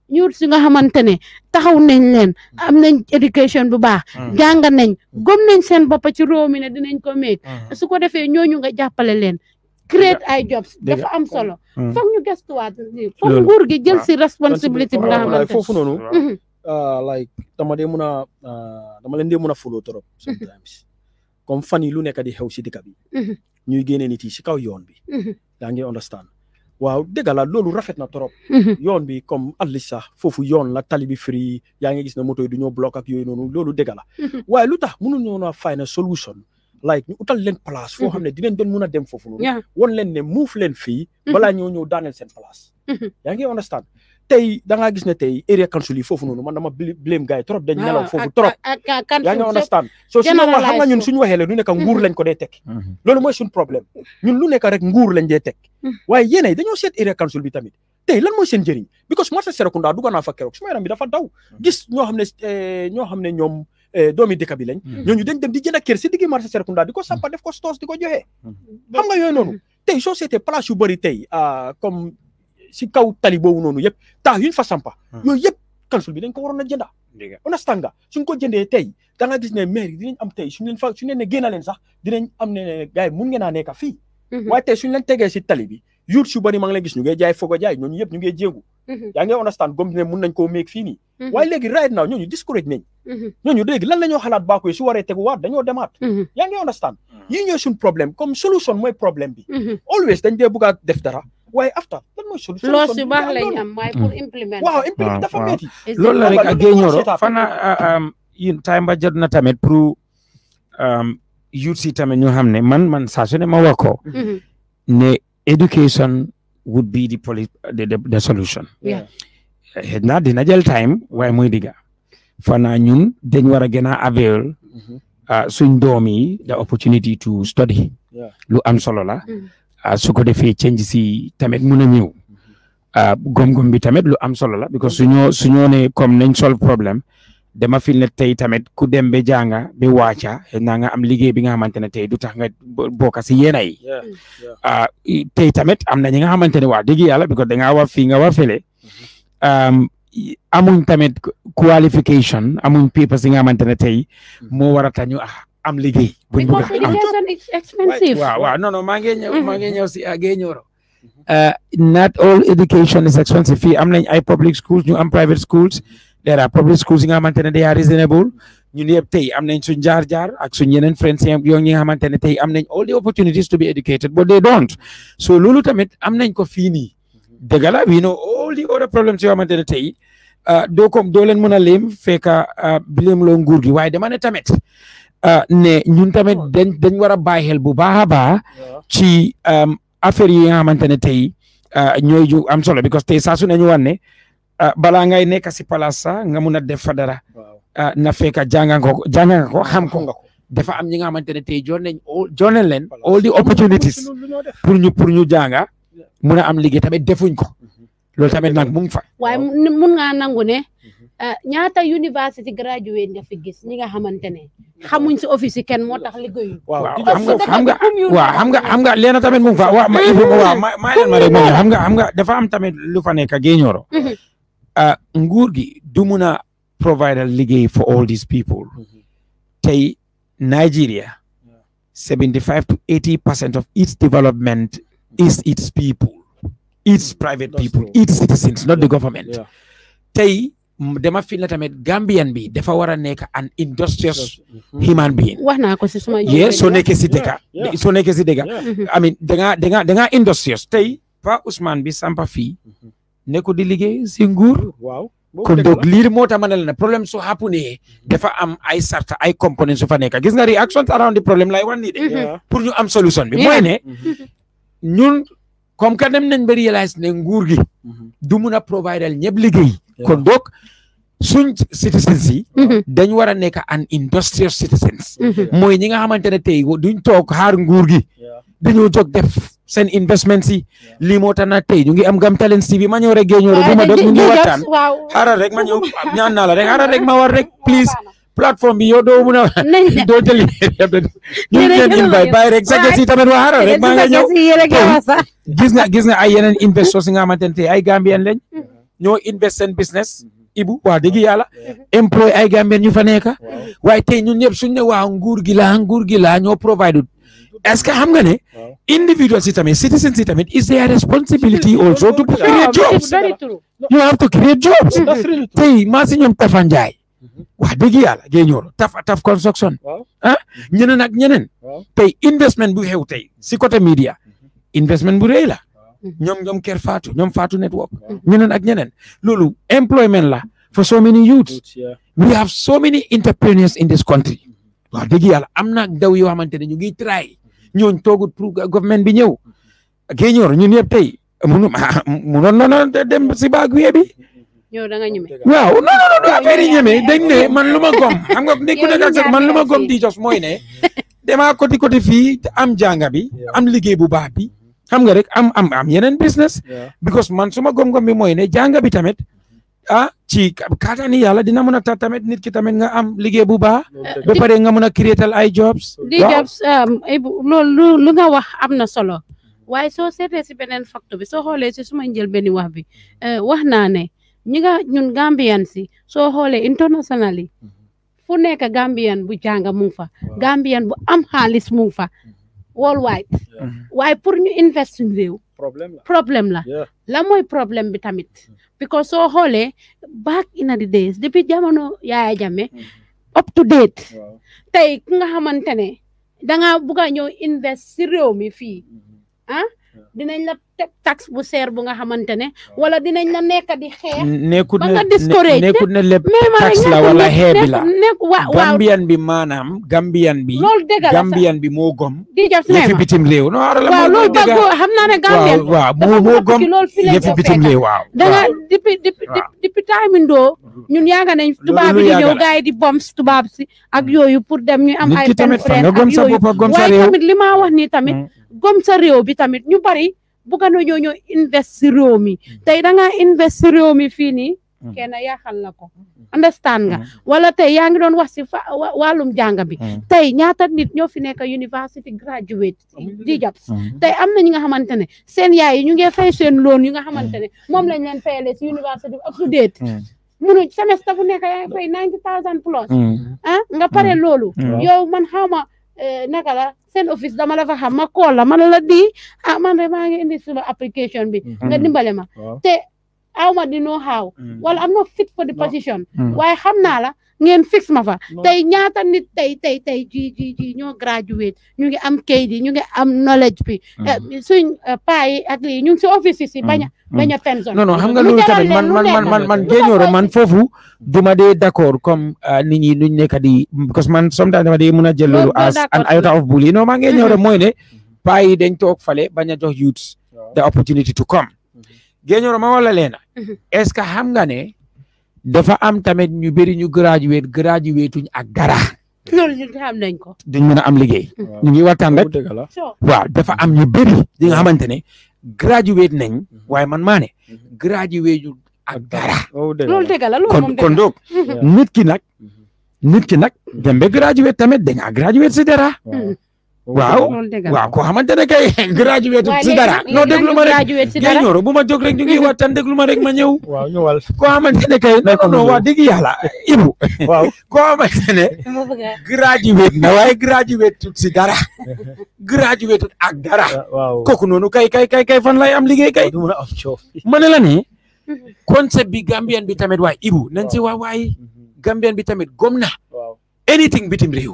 ñur ci nga xamantene taxaw nañ leen am nañ education bu baax mm. jang nañ gom nañ seen bop ci réew mi ne dinañ ko meeg mm. su ko defé ñoñu nga jappalé leen create ay jobs dafa am solo mm. foog ñu gëstuwaat foog nguur gi jël si ah. responsibility bi nga fofu nonu noonu mm-hmm. Mm-hmm. Ah, like dama dé mëna ah, dama leen dé mëna a follow trop mm-hmm. sometimes comme fani lu nekk di xew ci dëkk bi ñuy génne nit kaw yoon bi da nga understand waaw dëgg la loolu rafet na trop. Mhm. yoon bi comme àll sax foofu yoon la tali bi firi yaa ngi gis ne moto yi du ñoo block ak yooyu noonu loolu dëgg la. Mhm. waaye lu tax mënuñoo naa fay na solution. like ñu utal leen place. foo mhm. xam ne dinañ doon mun a dem foofu noonu. won leen ne muuf leen fii. balaa ñoo ñëw daaneel seen place. yaa ngi understand tey da ngaa gis ne tey area council yi foofu noonu man dama blame gars trop dañ ah, nelaw foofu trop yaa ngi understand soo suñu wax xam nga ñun suñu waxee la lu nguur mhm. lañ ko dee teg mhm. loolu mooy suñu problème ñun lu nekk rek nguur lañ dee teg mhm. waaye yéenay dañoo seet area council bi tamit tey lan mooy seen njëriñ because marché Serekunda dugg naa fa keroog suma yaram bi dafa daw gis ñoo xam ne eh, ñoo xam ne ñoom eh, doomi dëkk bi lañ ñooñu dañ dem di jënd kër si diggi marché Serekunda si kaw tali boobu noonu yëpp taax yuñ fa sampa hmm. yooyu yëpp kansul bi dañ ko waroon a jënda understand nga suñ ko jëndee tey da gis ne maire yi dinañ am tey suñ leen fa suñ leen ne génna leen sax dinañ am ne gars yi mun a nekk fii mhm. waaye tey suñ leen tegee si tali bi yuut su bari ma ngi jaay foog jaay ñooñu yëpp ñu ngay jéngu mhm. yaa ngi understand comme ne mun nañ koo meeg mhm. lan la ñoo xalaat baako yi su waree teguwaat dañoo demaat yaa ngi understand hmm. yii ñooy suñ problème comme solution mooy problème bi always dañ dee bugg a dara waaye after lan mooy solution loos yu baax lañ hmm. loolu la rek ak fana ah, ah, um, yéen time ba jot na tamit pour um, youth si tamit ñu xam ne man man saa su ne ma wax ko mm-hmm. ne education would be the police the, the, solution na dina jal time waaye moy digga fana ñun dañ war a gën a avail mm-hmm. ah, suñ doom yi the opportunity to study lu am solo la mm-hmm. Ah, su ko defee change si tamit mun a ñëw ah, góom-góom bi tamit lu am solo la because suñoo suñoo ne comme nañ sol problème dama fil ne tey tamit ku dem ba jànga ba waaca naa am liggéey bi nga xamante ne tey du tax nga bokk si yéena yi mm. ah, tey tamit am na ñi nga xamante ne waa dëgg yàlla because dangaa war fii nga war fële um, tamit qualification amuñ papers yi nga xamante tey mm. moo war a tañu am liggéey. buñ bëgg a am waaw waaw non non maa ngi ñëw maa ngi ñëw si ah, Géeñooro. Mm-hmm. Uh, not all education is fii am nañ ay public schools ñu am private schools. there are public schools yi nga xamante ne they are reasonable ñun yëpp tey am nañ suñ jaar jaar ak suñ yeneen friends yoo ñi nga xamante ne tey am nañ all the opportunities to be educated but they don't so loolu tamit am nañ ko fii nii dëgg la we know all the problems yoo xamante ne tey uh, doo ko doo leen mën a léem fekk uh, bileem loo nguur gi waaye dama tamit Euh, ne ñun tamit den dañ war a bàyyi xel bu baax a baax ci euh, affaire yi nga xamante ne tey euh, ñooy ju am solo because tey saa su ne ñu wan ne balaa ngay nekk si palaas sax nga mun a def fa dara na fekk jànga ko jànga nga ko xam ko nga ko dafa am ñi nga xamante ne tey joon nañ joon nañ leen all the opportunities pour ñu pour ñu jànga mun a am liggéey tamit defuñ ko mm-hmm. loolu tamit nag mu fa waaye mun ngaa nangu Eh, ñaata university graduate nga fi gis ñi nga xamante ne xamuñ si office yi kenn moo tax liggéeyu. waaw xam nga xam nga waaw xam nga xam nga leena tamit mu ngi fa waaw ma waaw ma ma leen ma rek moom xam nga xam nga dafa am tamit lu fa nekk géeñooro mm-hmm. eh, nguur gi du mun a provide liggéey for all these people mm-hmm. tey Nigeria seventy five to eighty percent of its development is its people its private people its citizens not the government tey Mm, dama fil na tamit Gambian bi dafa war a nekk an industrious mhm. human bi wax naa ko si suma soo nekkee si dëkka soo nekkee si dëkka amin mhm. nga dangaa dangaa industrious tey Pa Ousmane bi sampa fii mhm. nekku di liggéey si nguur waaw kon donc moo tax ma ne la ne problème su happunee dafa am ay sarta ay components su fa nekk gis nga reactions around the problème lay wan nii de pour ñu am solution bi mooy ne ñun comme que dem nañ ba réaliser ne nguur gi mhm. du mun a provider ñëpp liggéey kon donc suñ citizens yi mhm. dañ war a nekk an industrial citizens mhm. mooy ñi nga xamante ne tey duñ toog xaar nguur gi dañoo jóg def seen investments yi lii moo tax na tey ñu ngi am Gam Talents TV ma ñëw rek géeñoo rek ah, bu ma doon ñu ngi waxtaan xaaral rek ma ñëw ñaan naa la rek xaaral rek ma war rek please plateforme bi yow doo mun a. doo jëli ñu leen invite bàyyi rek sa gëstu tamit waa xaaral rek maa nga ñëw gis nga gis nga ay yeneen investors yi nga xamante ne ay Gambien lañ ñoo invest seen business. Ibu waa dëgg yàlla employé ay Gambien ñu fa nekk waaye tey ñun ñëpp suñu ne waa nguur gi laa nguur gi laa ñoo provide est-ce que xam nga ne individual si tamit citizen si tamit is their responsibility also to create jobs you have to create jobs tey maa si ñoom Tafa Ndiaye Mm-hmm. wax deug yalla géeñooro taf taf construction ah ñeneen ak ñeneen tay investment bu xew tay si côté media mm-hmm. investment bu reey la ñom ñoom Kër fatu ñoom Fatou Network ñeneen ak ñeneen lolu employment la for so many youths we have so many entrepreneurs in this country mm-hmm. wax deug yalla amna na daw yo xamantene ñu ngi try ñooñ toogut pour government bi ñew géeñooro ñun yëpp tey mënu mënoon na dem si baag wee bi yow da nga no, waaw non non non affaire yi dañ ne man gom xam nga man gom di jos mooy ne damaa côté côté am jànga bi iya. am liggéey bu baax bi xam nga rek am am am yeneen business iya. because man suma gom-gom bi mooy bi ah ci kaatani yàlla dina mën a nit ki tamit nga am liggéey bu baax ba nga ay jobs di jobs loolu um, eh, lu nga wax am solo waaye soo seetee si benen facteur bi so xoolee si suma njël benn wax bi eh, wax ñi nga ñun Gambian si soo xoolee internationally mm-hmm. fu nekk Gambian bu jàng mu fa Gambian bu am xaalis mu fa mm-hmm. worldwide mm-hmm. waaye pour ñu invest suñu réew problème la la mooy problème bi tamit because soo xoolee back in the days depuis jamono Yaaya Jammeh up to date tey ku nga xamante ne danga bugg a ñëw invest si réew mi fii ah dinañ la teg taxe bu seer bu nga xamante ne wala dinañ la nekk di xeex. nekkut ne nekkut ne lépp la wala bi la. waaw gambian bi maanaam gambian bi. loolu dëgg la gambian bi moo gom. yëfi bitim réew non la waaw xam naa ne gambian waaw lool moo gom yëfi bitim réew waaw. da nga depuis depuis depuis ñun yaaga nañ tubaab yi di ñëw gars di bombs tubaab si ak mm. yooyu pour dem ñu am ay. benn frère ak yooyu waaye tamit li ma nii tamit mm. gom sa réew bi tamit ñu bari bugga nañoo ñoo si réew mi mm-hmm. tey da ngaa invest si réew mi fii nii mm-hmm. kenn yaaxal na ko mm-hmm. understand nga wala tey yaa ngi doon wax si fa wàllum jàng bi tey ñaata nit ñoo fi nekk university graduate di jàpp tey am na ñi nga xamante ne seen yaay yi ñu ngi fay seen loon yi nga xamante ne moom lañ leen fayale si university up to date munu semestre bu nekk yaa ngi fay ninety thousand plus ah nga pare loolu yow man xawma Eh, naka la seen office dama la fa xam ma kool la ma la di ah ma de maa ngi indi suma application bi mhm. nga dimbale ma te aw ma di know wala am mhm. not fit for the position mhm. waaye xam naa la ngeen fix ma fa tey ñaata nit tey tey tey ji ji ji ñoo graduate ñu ngi am kayit yi ñu ngi am knowledge bi eh, suñ eh, paa yi ak lii ñu ngi si office si paña Hmm. bañ a pension non non xam nga loolu tamit man man man man man géeñooro man foofu duma dee d'accord comme euh, nit ñi nuñ nekk di because man sometimes dama dee mun a jël loolu as an iota of bullying non maa géeñooro mooy ne mhm. paa yi dañ toog fale bañ a jox youths the opportunity to come mhm. géeñooro ma wala leena mhm. est-ce que xam nga ne dafa am tamit ñu bëri ñu graduate graduate uñ ak dara loolu ñu xam nañ ko duñ mën a am liggéey ñu ngi waxtaan rek waaw dafa am ñu bëri di nga xamante ne graduate nañ mhm. waaye man maa ne mhm. graduate ju ak dara loolu dëgg la loolu moom kon donc nit ki nag mhm. nit ki nag dem ba graduate tamit da ngaa graduate si dara waaw waaw koo xamante ne kay graduate si dara non déglu ma rek gay ñoro bu ma jóg rek ñu ngi waxtaan déglu ma rek ma ñëw waaw ñëwal koo xamante ne kay non non waa dëgg yàlla ibu waaw koo xamante ne graduate na waaye si dara graduate tut ak dara kooku noonu kay kay kay kay fan lay am liggéey kay ma ne la ni concept bi Gambien bi tamit waay ibu nañ si waay waay mhm. Gambien bi tamit gom na anything bitim réew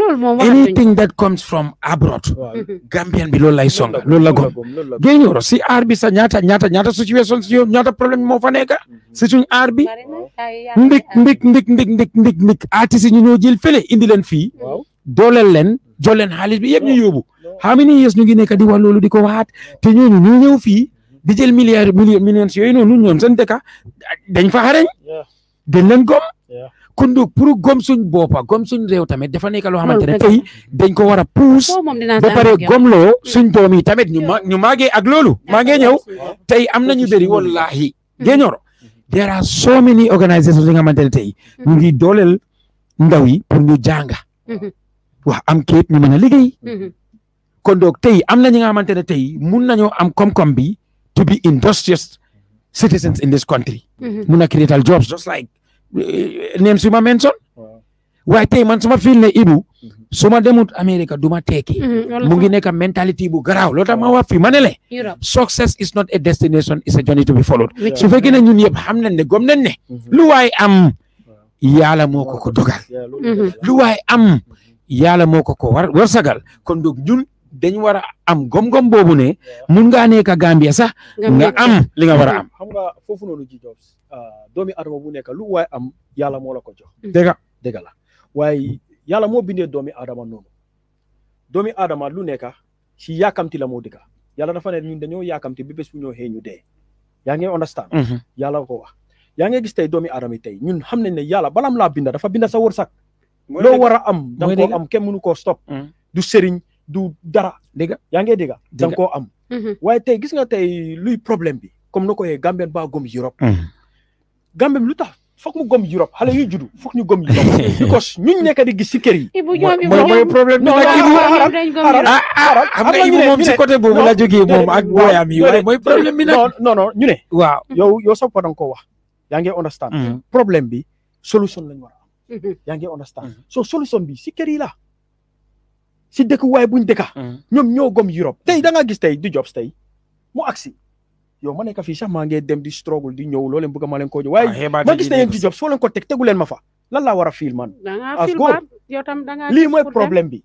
loolu moom wax anything that comes from abroad. Gambian bi loolu lay song loolu la gom gay ñëw si aar bi sa ñaata ñaata ñaata situation si yow ñaata problème moo fa nekk mhm. si suñ aar bi ndik ndik ndik ndik ndik ndik ndik artiste yi ñu ñoo jël fële indi leen fii dooleel leen jox leen bi yëpp ñu yóbbu how many years ñu ngi nekk di wax loolu fa xareñ dañ leen gom kon puru pour gom suñ bopa gom suñ réew tamit dafa nekk loo xamante ne tey dañ ko wara a puus ba gom lo mm. suñ domi yi tamit ñu ñu màggee ak loolu maa ngi ñëw tey am mm. Mm. there are so many organizations yi nga xamante ne tey ñu ngi dooleel ndaw yi pour ñu jànga mm-hmm. wax am kéet ñu mën a liggéey mm-hmm. kon donc tey am na ñi nga am kom kom bi to be industrious citizens in this country mm-hmm. muna a jobs just like neem su ma mention waa tey man suma fiil ne Ibu mhm. suma demut America duma tekki mhm, mu ngi nekk mentalité bu garaaw loolu tax ma wax fii ma ne le success is not a destination is a journey to be followed su fekkee ne ñun yëpp xam nañ ne gom nañ ne mhm. lu waay am yàlla moo koko ko dogal lu waay am yàlla moo ko ko war warsagal kon donc ñun dañ war a am gom-gom boobu ne mun ngaa nekk a Gambia sax nga am li nga war a am xam nga foofu noonu ji jobs ah, doomi adama bu nekk lu waaye am yàlla moo la ko jox mm. dëgg dëgg la waaye yàlla moo binde doomi adama noonu doomi adama lu nekk si yaakamti la moo dëkka yàlla dafa ne ñun dañoo yaakamti ba bés bu ñoo xëy ñu dee yaa ngi understand mm-hmm. yàlla ko wax yaa ngi gis tey doomi adama yi tey ñun xam nañ ne yàlla balam laa binda dafa binda sa wërsëg lo war a am da ko am ken mënu koo stop mm. du sëriñ du dara dega ya nge dega dang ko am mhm. waye tay gis nga tay luy problème bi comme nako ye Gambien ba gom Europe mhm. Gambien lu tax foog mu gom Europe xale yu judu foog ñu gom Europe because ñuñ nekk di gis ci kër yi moy problème bi nak Ibu ah, ah, Arab, Arab, xam nga Ibu mom ci côté bobu la joggé mom ak boyam yi waaye mooy problème bi nak non non ñu né waaw yow yow sax dang ko wax ya nge understand mhm. problème bi solution lañ wara ya nge understand so solution bi ci kër yi la si dëkkuwaay buñ dëkka hmm. ñoom ñoo gom Europe tey da gis tey di jobs tey mu agsi yow ma nekk fii sax maa ngi dem di struggle di ñëw loo leen bëgg ma leen koo ah, waaye ma gis ne yéen di jobs foo ko teg tegu leen ma fa lan laa war a fiil man as góor lii mooy problème bi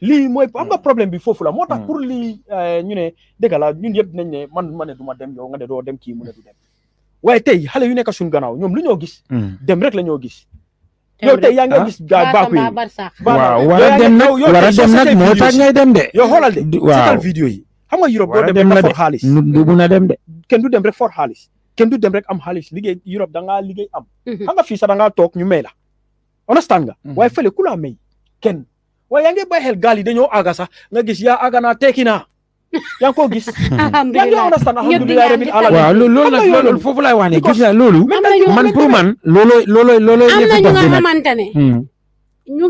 lii mooy am nga hmm. problème bi foofu la moo tax hmm. pour lii euh, ñu ne dëgg la ñun yëpp nañ ne man ma ne du ma dem yow nga ne doo dem kii mu ne du dem waaye tey xale yu nekk suñ ganaaw ñoom lu ñoo gis dem rek la ñoo gis yow tey yaa ngi gis gaa baaku yi waaw war a dem nag a dem nag moo tax ngay dem de yow xoolal de seetal vidéo yi xam nga Europe boo dem rek for xaalis du mun a dem de kenn du dem rek for xaalis kenn du dem rek am xaalis liggéey Europe da liggéey am mhm. xam nga fii sax da toog ñu may la understand nga mhm. waaye fële ku laa may kenn waaye yaa ngi bàyyi xel gaal yi dañoo àgga sax nga gis yaa àgga naa tekki naa yaa ngi koo gis. alhamdulilah waaw loolu nag loolu foofu laay wax ne gis naa loolu. man pour man looloo looloo looloo. am na hmm. ñu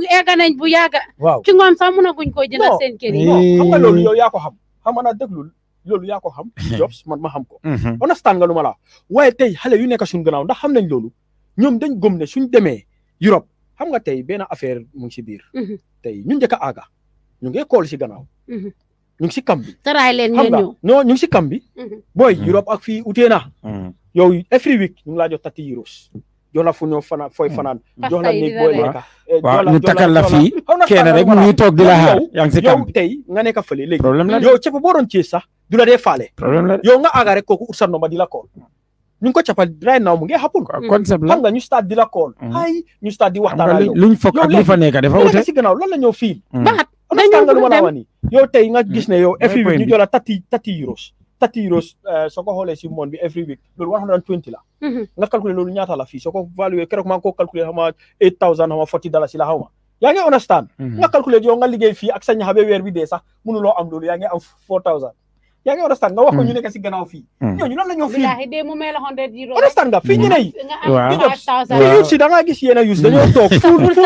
bu yàgg. waaw ci ngoon sax mënaguñ koo jënd seen kër yi. xam nga loolu hmm. xam xam naa déglu loolu yaa ko xam. Hmm. jobs man ma xam ko. understand nga lu ma la waaye tey xale yu nekk suñu ganaaw ndax xam nañ loolu ñoom dañ gëm ne suñ demee Europe xam nga tey benn affaire mu ngi si biir. tey ñu njëkk a àgga ñu ngi si gannaaw ñu ngi si kam bi. taraay leen ngeen ñu ngi si kam bi. Mhm. booy Europe ak fii utee na. Mhm. yow every week ñu laa jox tati euros. jox la fu ñoo mhm. fanaan fooy fanaan. jox la néeg booy lekka. Eh, waaw ñu takkal la fii kenn rek mu ngi toog di la xaar yaa ngi si tey nga nekk fële léegi. problème la yow ceeb boo doon cee sax du la dee faale. problème la nga aga rek kooku ut sa nomba di la kool. ñu ngi ko capal right now mu ngi happen concept la xam nga ñu start di la kool. ay ñu start di waxtaan ak yow luñ fokk ak li fa nekk dafa wute si gannaaw lan la ñëw fii. dañu dem lu ma la nga gis ne yow. Hmm. every week ñu euh, si monde bi every week loolu one hundred and twenty la. Hmm. ñaata la fi soo ko valuer keroog maa ngi ko calculer xama eight thousand xama forty dalasi la xawma yaa ngi understand. Hmm. nga calculer yow nga liggéey fii ak sa ñax ba weer bi dee sax mënuloo loolu am four yaa ngi understand nga wax ko ñu nekk si gannaaw fii. ñooñu la ñoo fii. wallaahi de mu mel hundred euro. understand nga fii ñu ne. a use dañoo toog. full full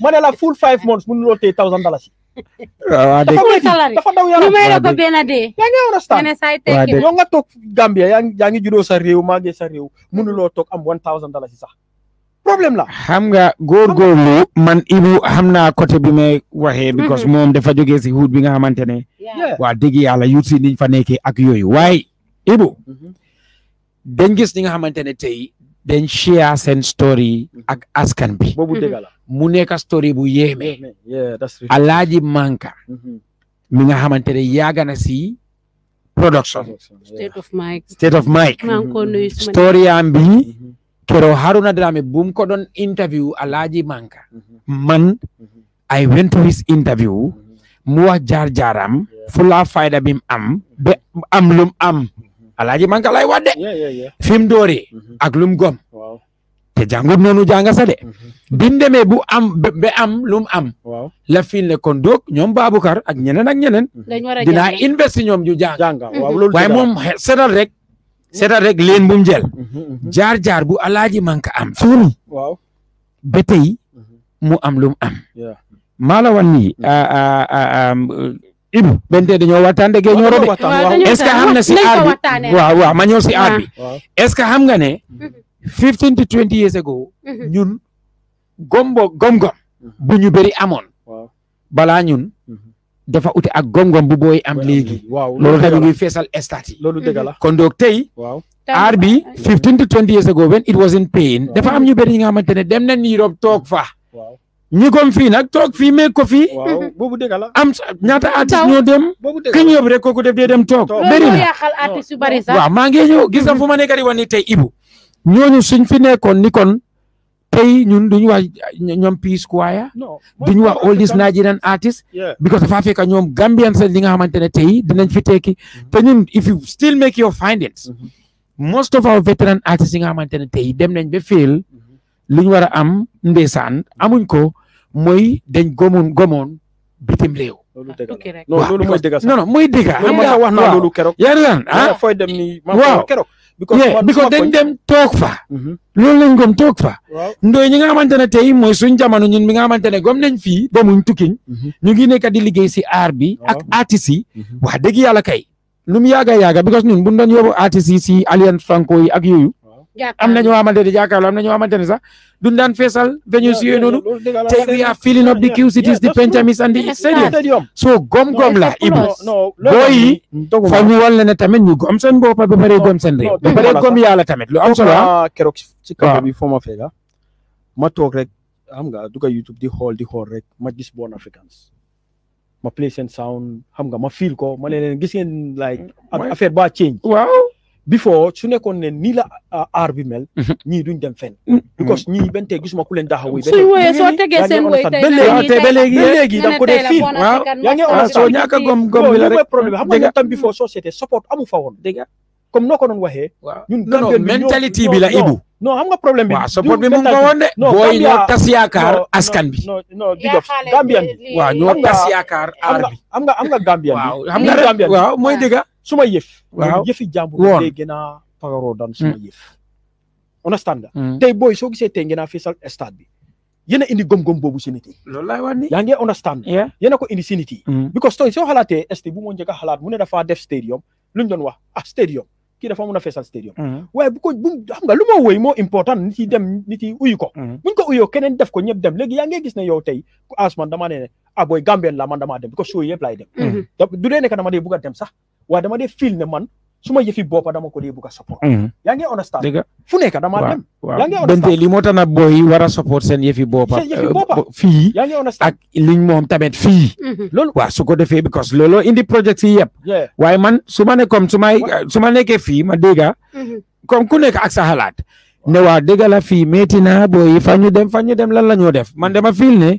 ma ne la full five months mënuloo dalasi waaw dégg dafa ndaw yaram numero ko benn dee nga toog Gambia yaa ngi juddoo sa réew màggee sa réew mënuloo toog am one thousand dollars sax problème la xam nga góorgóorlu man Ibu xam naa côté bi may waxee mhm. because moom dafa jógee si huut bi nga xamante ne waa dégg yàlla yuut si niñ fa nekkee ak yooyu waaye Ibu mhm. dañ gis ñi nga xamante ne tey dañ share seen story mm-hmm. ak askan bi mm-hmm. mu nekk story bu yéeme alaaji manka mm-hmm. mi nga xamante ne yàgg si production state of mind story am bi keroo Haruna Dramé bu mu ko doon interview alaaji manka man I went to his interview mu wax jaar jaaram fu laa fayda bi mu am be am lum am alaaji manka lay wadde fi mu mm-hmm. ak lum gom te jàngut noonu jànga sa de mm-hmm. bi bu am be am lum am la fiin ne kon doog ñoom Baboucar ak ñeneen ak ñeneen mm-hmm. dinaa investi ñoom ñu jàng waaye moom seetal rek seetal rek leen bu mu jël jaar-jaar bu alaaji manka am suuni ba tey mu am lum am maa la wan nii ah, ah, ah, um, Ibu bente dañoo waxtaan de géeñooro de est-ce que si aar bi waaw waaw ma ñëw si aar ah. bi est-ce que xam nga ne mhm. fifteen to twenty years ago mhm. ñun gombo gom-gom mhm. bu ñu bëri amoon balaa ñun dafa ute ak gom-gom bu booy am léegi loolu tamit ngi feesal estate yi kon donc tey aar bi fifteen to twenty years ago when it was in pain dafa am ñu bëri ñi nga xamante ne dem nañ Europe toog fa ñi kom fii nag toog fii meeg ko fii. waaw boobu dëgg la am ñaata artiste ñoo dem. boobu dëgg la kañ yóbbu rek kooku def dee dem toog. bëri na yàqal artiste maa ngi ñëw gis nga fu ma nekk di wan ni tey Ibu. ñooñu suñ fi nekkoon ni kon tey ñun duñu wa ñoom Peace Choir. duñu wax all these Nigerian artists. because dafa fekk ñoom Gambian sax li nga xamante ne tey dinañ fi tekki. Mm-hmm. te ñun if you still make your findings. Mm-hmm. most of our veteran artists yi nga xamante ne tey dem nañ ba fail. Mm-hmm. li ñu war a am ndeysaan amuñ ko. mooy dañ gomoon gomoon bitim réew. loolu dëgg la non loolu mooy dëgg sax non non mooy dëgg. wax naa loolu keroog. yaa ngi naan ah, ah fooy dem nii. waaw keroog. parce que dañ dem toog fa. Mhm. loolu lañ gom toog fa. waaw ndooy ñi nga xamante ne tey mooy suñ jamono ñun mi nga xamante ne gom nañ fii ba muñ tukkiñ. Mhm. ñu ngi nekk di liggéey si aar bi. ak artistes yi. Mhm. wax dëgg yàlla kay. lu mu yàgg a yàgg because ñun bu ñu doon yóbbu artistes yi si Alliance Franco yi ak yooyu. am na ñoo xamante ne jàkkaarloo am na ñoo xamante ne sax duñ daan feesal venues yooyu noonu tey we are filling up the queue cities the Pentamis and the stadium so gom-gom la Ibu booyi mm, fa ñu wal ne tamit ñu gom seen bopp ba pare gom seen réew ba gom yàlla tamit lu am solo ah. keroog ci kaw bi foo ma fega ma toog rek xam nga du ko YouTube di xool di xool rek ma gis Born Africans ma play seen sound xam nga ma feel ko ma ne leen gis ngeen like affaire ba change waaw before su nekkoon ne nii la ah, aar bi mel. Mhm. ñii duñ dem fenn. Mm-hmm. because ñii benn tey gisuma ku leen taxaw. suñ wooyee soo tegee seen woy tey ba da ko dee fii waaw yaa ngi soo ñàkk a gom gom bi la rek problème xam nga tam before société ko doon waxee. ñun non bi la Ibu. non xam nga problème bi. waaw support bi mu nga woon de. booy tas yaakaar askan bi. non non di jox Gambian bi. waaw ñoo tas yaakaar aar bi. xam nga xam nga Gambian suma yëf. waaw yëfi jàmbur woon day gën mm. a pagaroo daan suma yëf. understand nga. Mm. tey booy soo gisee tey ngeen a feesal stade bi. yéen a indi gom-gom boobu si nit yi. loolu laay wax ni yaa ngi understand. yéen a ko indi si nit yi. Mm. because tey soo xalaatee est bu moo njëkk a xalaat mu ne dafa def stadium lu ñu doon wax ah stadium kii dafa mun a feesal stadium. waaye bu ko bu xam nga lu ma woy moo important nit yi dem nit yi uyu ko. buñ ko uyoo keneen def ko ñëpp dem léegi yaa ngi gis ne yo tey asman damaa ne ne ah la man damaa dem because yëpp laay dem. Mm-hmm. du dee nekk dama dee bugg a dem sax waaye dama dee feel ne man suma yëfi boppa dama ko dee bugg a support. Mhm. yaa ngi understand. dëgg fu nekk dama dem. yaa ngi understand donte li moo tax na booy yi war support seen yëfi boppa. Euh, fii. yaa ngi ak liñ moom tamet fii. Mhm. loolu waaw su ko defee because looloo indi project yi yëpp. waaye man su ma ne comme su ma su ma nekkee fii ma dégg mhm. comme ku nekk ak sa xalaat. ne waa dëgg la fii métti na booy yi fa ñu dem fa ñu dem lan la ñoo def man dama feel ne.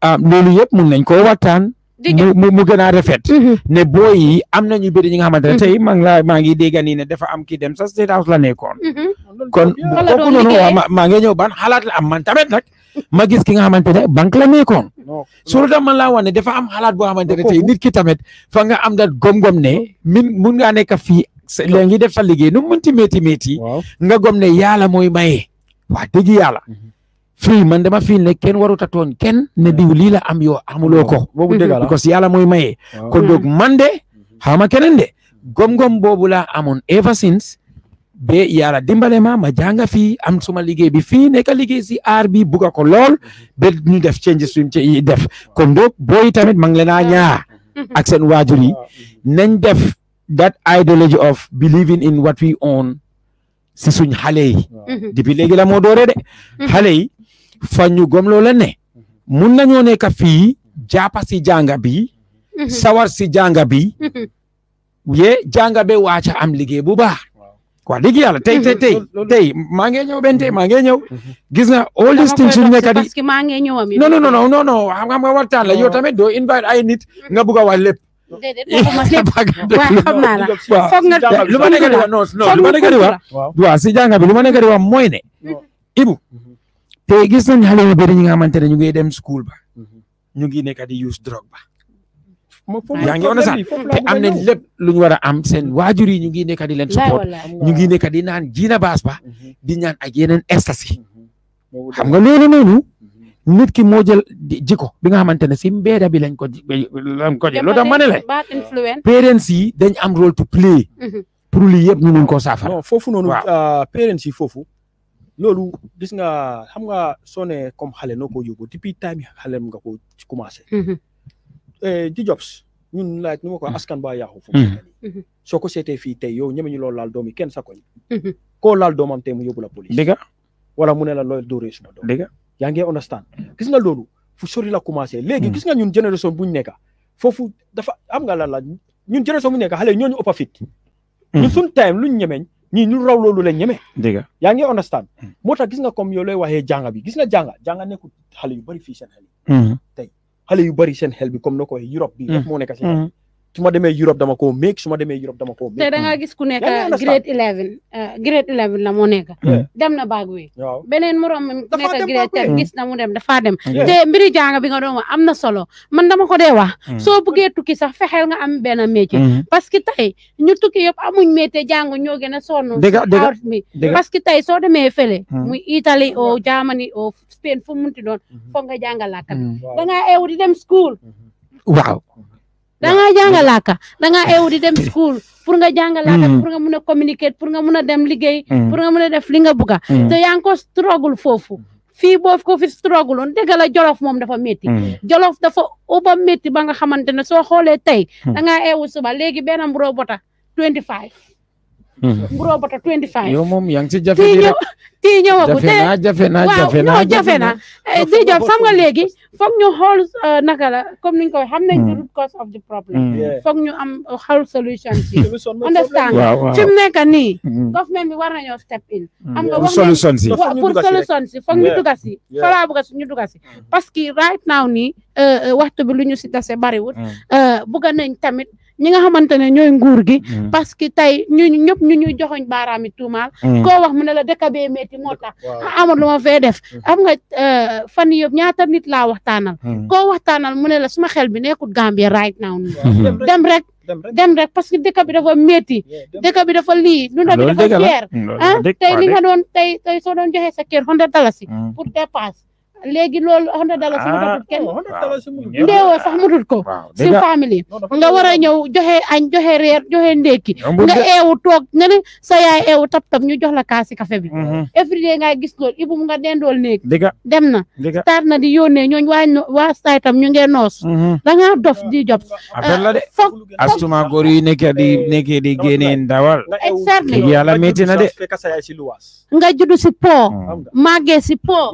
Ah, loolu yëpp mun nañ koo waxtaan. mu mu gën a rafet mm-hmm. ne booy am nañu bëri ñi nga xamante ne mm-hmm. tey maa ngi la maa ngi dégg nii ne dafa am kii dem sa state house la nekkoon mm-hmm. kon kooku noonu ma maa ngi ñëw ban xalaat la am man tamit nag ma gis ki nga xamante ne banque la nekkoon sulu tam man laa wax ne dafa am xalaat boo xamante ne tey nit ki tamit fa nga am dat gom-gom ne min mun ngaa nekk fii le ngi def sa liggéey nu munti métti métti nga gom ne yàlla mooy maye wax dëgg yàlla fii man dama fiil ne kenn warut a tooñ kenn ne diw lii la am yoo amuloo ko. boobu dëgg la parce yàlla mooy maye. kon donc man de xawma keneen de gom-gom boobu laa amoon ever since be yàlla dimbale ma ma jànga fii am suma liggéey bi fi fii nekk liggéey si aar bi bugga ko lool ba ñu def change suñ ci def kon donc booy tamit ma ngi leen a ñaax ak seen waajur yi nañ def that ideology of believing in what we own si suñ xale yi depuis léegi de xale yi fa ñu gomloo la ne mun nañoo nekk fii jaapa si jànga bi mhm. sawar si jànga bi mhm. ye jànga be waaca am liggéey bu baax wax dëgg yàlla tey tey mhm. tey tey maa ngi ñëw benn tey maa ngi ñëw gis nga all these things suñu nekk di non non non non non xam la yow tamit doo invite ay nit nga bugg a wax lépp xam naa la foog nga lu lu ma nekk di wax waaw si jànga bi lu ma nekk di wax mooy ne ibu te gis nañ xalé yu bari ñi nga xamantene ñu ngi dem school ba ñu mhm. ngi nekk di use drug ba yaa ngi onasan te am nañ lepp lu ñu am sen wajur yi ñu ngi nekk di len support ñu ngi nekk di naan jina baas ba mhm. di ñaan ak yenen ecstasy xam mhm. nga loolu nonu nit ki mo jël jiko bi nga xamantene ci mbeda bi lañ ko lañ ko jël ya, lo tax manela parents yi dañ am role to play pour li yeb ñu mun koo saafara fofu nonu uh, parents yi fofu loolu gis nga am nga soo ne comme xale noo ko yóbbu depuis time xale nga ko commencé. di mm-hmm. eh, jobs ñun laaj nu ma ko mm-hmm. askan ba yaaxu fu mm-hmm. soo ko seetee fii tey yow ñeme loolu laal doom yi kenn sa koñ. koo laal doomam tey mu yóbbu police. dëgg wala mu ne la looy dóoree suma doom. dëgg yaa ngi understand gis nga loolu fu sori la commencé. léegi gis nga ñun génération buñ nekk foofu dafa am nga la la ñun génération buñ nekk xale ñoo ñu a fit. ñun suñ time luñ ñemeñ. ñii ñun raw loolu la ñeme. dëgg la yaa ngi understand. Hmm. moo ta gis nga comme yow lay waxee jànga bi gis nga jànga jànga nekkul xale yu bari fii seen xel. Hmm. tey xale yu bari seen xel bi comme na ko waxee Europe bi. rek hmm. moo nekk si su ma demee Europe dama ko make suma demee Europe dama koo make. te da gis ku hmm. nekk grade 11 euh, grade 11 la moo nekk. Hmm. dem na baag wi. waaw beneen morom nekk grade 10 gis na mu dem dafaa dem. Hmm. te mbiri jàng bi nga doon wax am na solo man ma ko de wax. soo buggee tukki sax fexeel nga am benn métier. parce que tey ñu tukki yëpp amuñ métier jàng ñoo gën a sonn. dëgg dëgg parce que tey soo demee fële. muy Italie o Germany o Spain fu mu munti doon. foog nga jàngalaat. da di dem school. waaw. dangaa jàng laaka dangaa eewu di dem school pour nga jàng laaka mm. nga mun a communicate pour nga mun a dem liggéey mm. pour nga mun a def li nga bugga mm. te yaa ngi foofu fii boo ko fi struggle woon jolof moom dafa métti jolof dafa uba métti ba nga xamante ne soo xoolee tey dangaa eewu suba léegi benn mburoo bota twenty five Mm-hmm. mburoo bata twenty five yow moom yaa ngi si jafe bi rek tii te jafe naa jafe naa jafe naa eh, di job léegi foog ñu xool euh, naka la comme niñ ko xam nañ mm-hmm. the root of the problem mm-hmm. foog ñu am euh, xool solution si understand fi mu ni nii government bi war nañoo step in am nga wax si pour solution si foog ñu duga si falaa buga ñu duga parce que right now nii euh, waxtu bi lu ñu si dase bariwul buga nañ tamit ñi nga xamante ne ñooy nguur gi mm. parce que tey ñu ñëpp ñu ñuy joxoñ baaraami tuumaal mm. koo wax mu ne la dëkk bee métti moo tax a amul def mm. am nga euh, fan yëpp ñaata nit laa waxtaanal ko waxtaanal mu ne la suma xel bi nekkul Gambia right now nii mm-hmm. dem rek dem rek parce que dëkk bi dafa métti dëkk bi lii lu ah, ndax bi dafa jeer ah tey li nga doon tey tey soo doon joxee sa kër hundred dalasi léegi loolu hundred dollars si mutut kenn ndéewoo sax mutut ko si famille nga war a ñëw joxe añ joxe reer joxe ndékki nga eewu toog nga ne sa yaay eewu tap tap ñu jox la kaasi café bi every nga gis loolu ibu nga dendool néeg dem na taar na di yónnee ñooñ waa waa saay ñu ngeen noos da ngaa dof di job a astuma góor yi nekk di nekkee di génnee ndawal exactly yàlla métti na de nga juddu si po màggee si po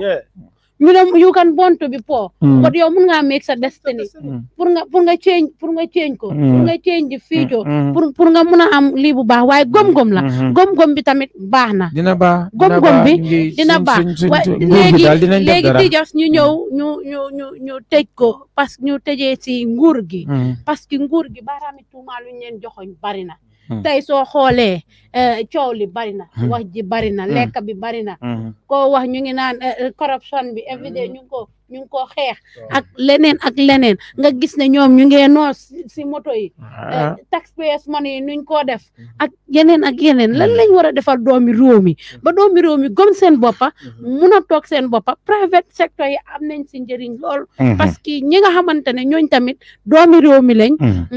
you know you can born to be poor hmm. but yow mun nga make sa destiny pour nga pour nga change pour nga change ko hmm. pour nga change the future hmm. pour pour nga mun a am lii bu baax waaye gom-gom la gom-gom bi tamit baax na dina baax gom-gom bi dina baax léegi léegi di jos ñu ñëw ñu ñu ñu ñu tëj ko parce que ñu tëjee si nguur gi parce que nguur gi baaraami tuuma lu ñu leen joxoñ bari na Mm. tey soo xoolee eh, coow li bari na mm. wax ji bari na mm. lekk bi bari na mm-hmm. koo wax ñu ngi naan eh, eh, corruption bi everyday mm-hmm. ñu ngi ko ñu ngi koo xeex ak leneen ak leneen nga gis ne ñoom ñu ngee noos si moto yi ah. taxpayers money yi nuñ koo def mm-hmm. ak yeneen ak yeneen lan lañ war a defal doomi réew mi ba doomi réew mi gom seen boppa mun a toog seen boppa private sector yi am nañ si njëriñ lool parce que ñi nga xamante ne ñooñ tamit doomi réew mi lañ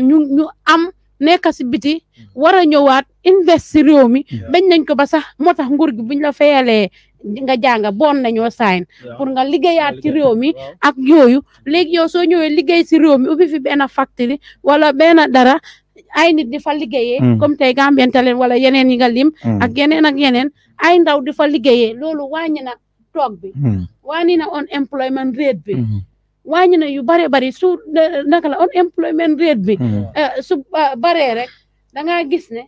ñu am nekk si biti war a ñëwaat invest si réew mi bañ nañ ko ba sax moo tax nguur gi buñ la fayalee nga jànga boon nañoo saayin pour nga liggéeyaat ci réew mi ak yooyu léegi yow soo ñëwee liggéey si réew mi ubbi fi benn factory wala benn dara ay nit di fa liggéeyee mm. comme tey Gambian Talents wala yeneen yi nga lim mm. ak yeneen ak yeneen ay ndaw di fa liggéeyee loolu wàññi na toog bi mm. wàññi na unemployment réet bi mm-hmm. wàññi na yu bare bari su naka la unemployment rate bi mm-hmm. eh, su ah, baree rek da gis ne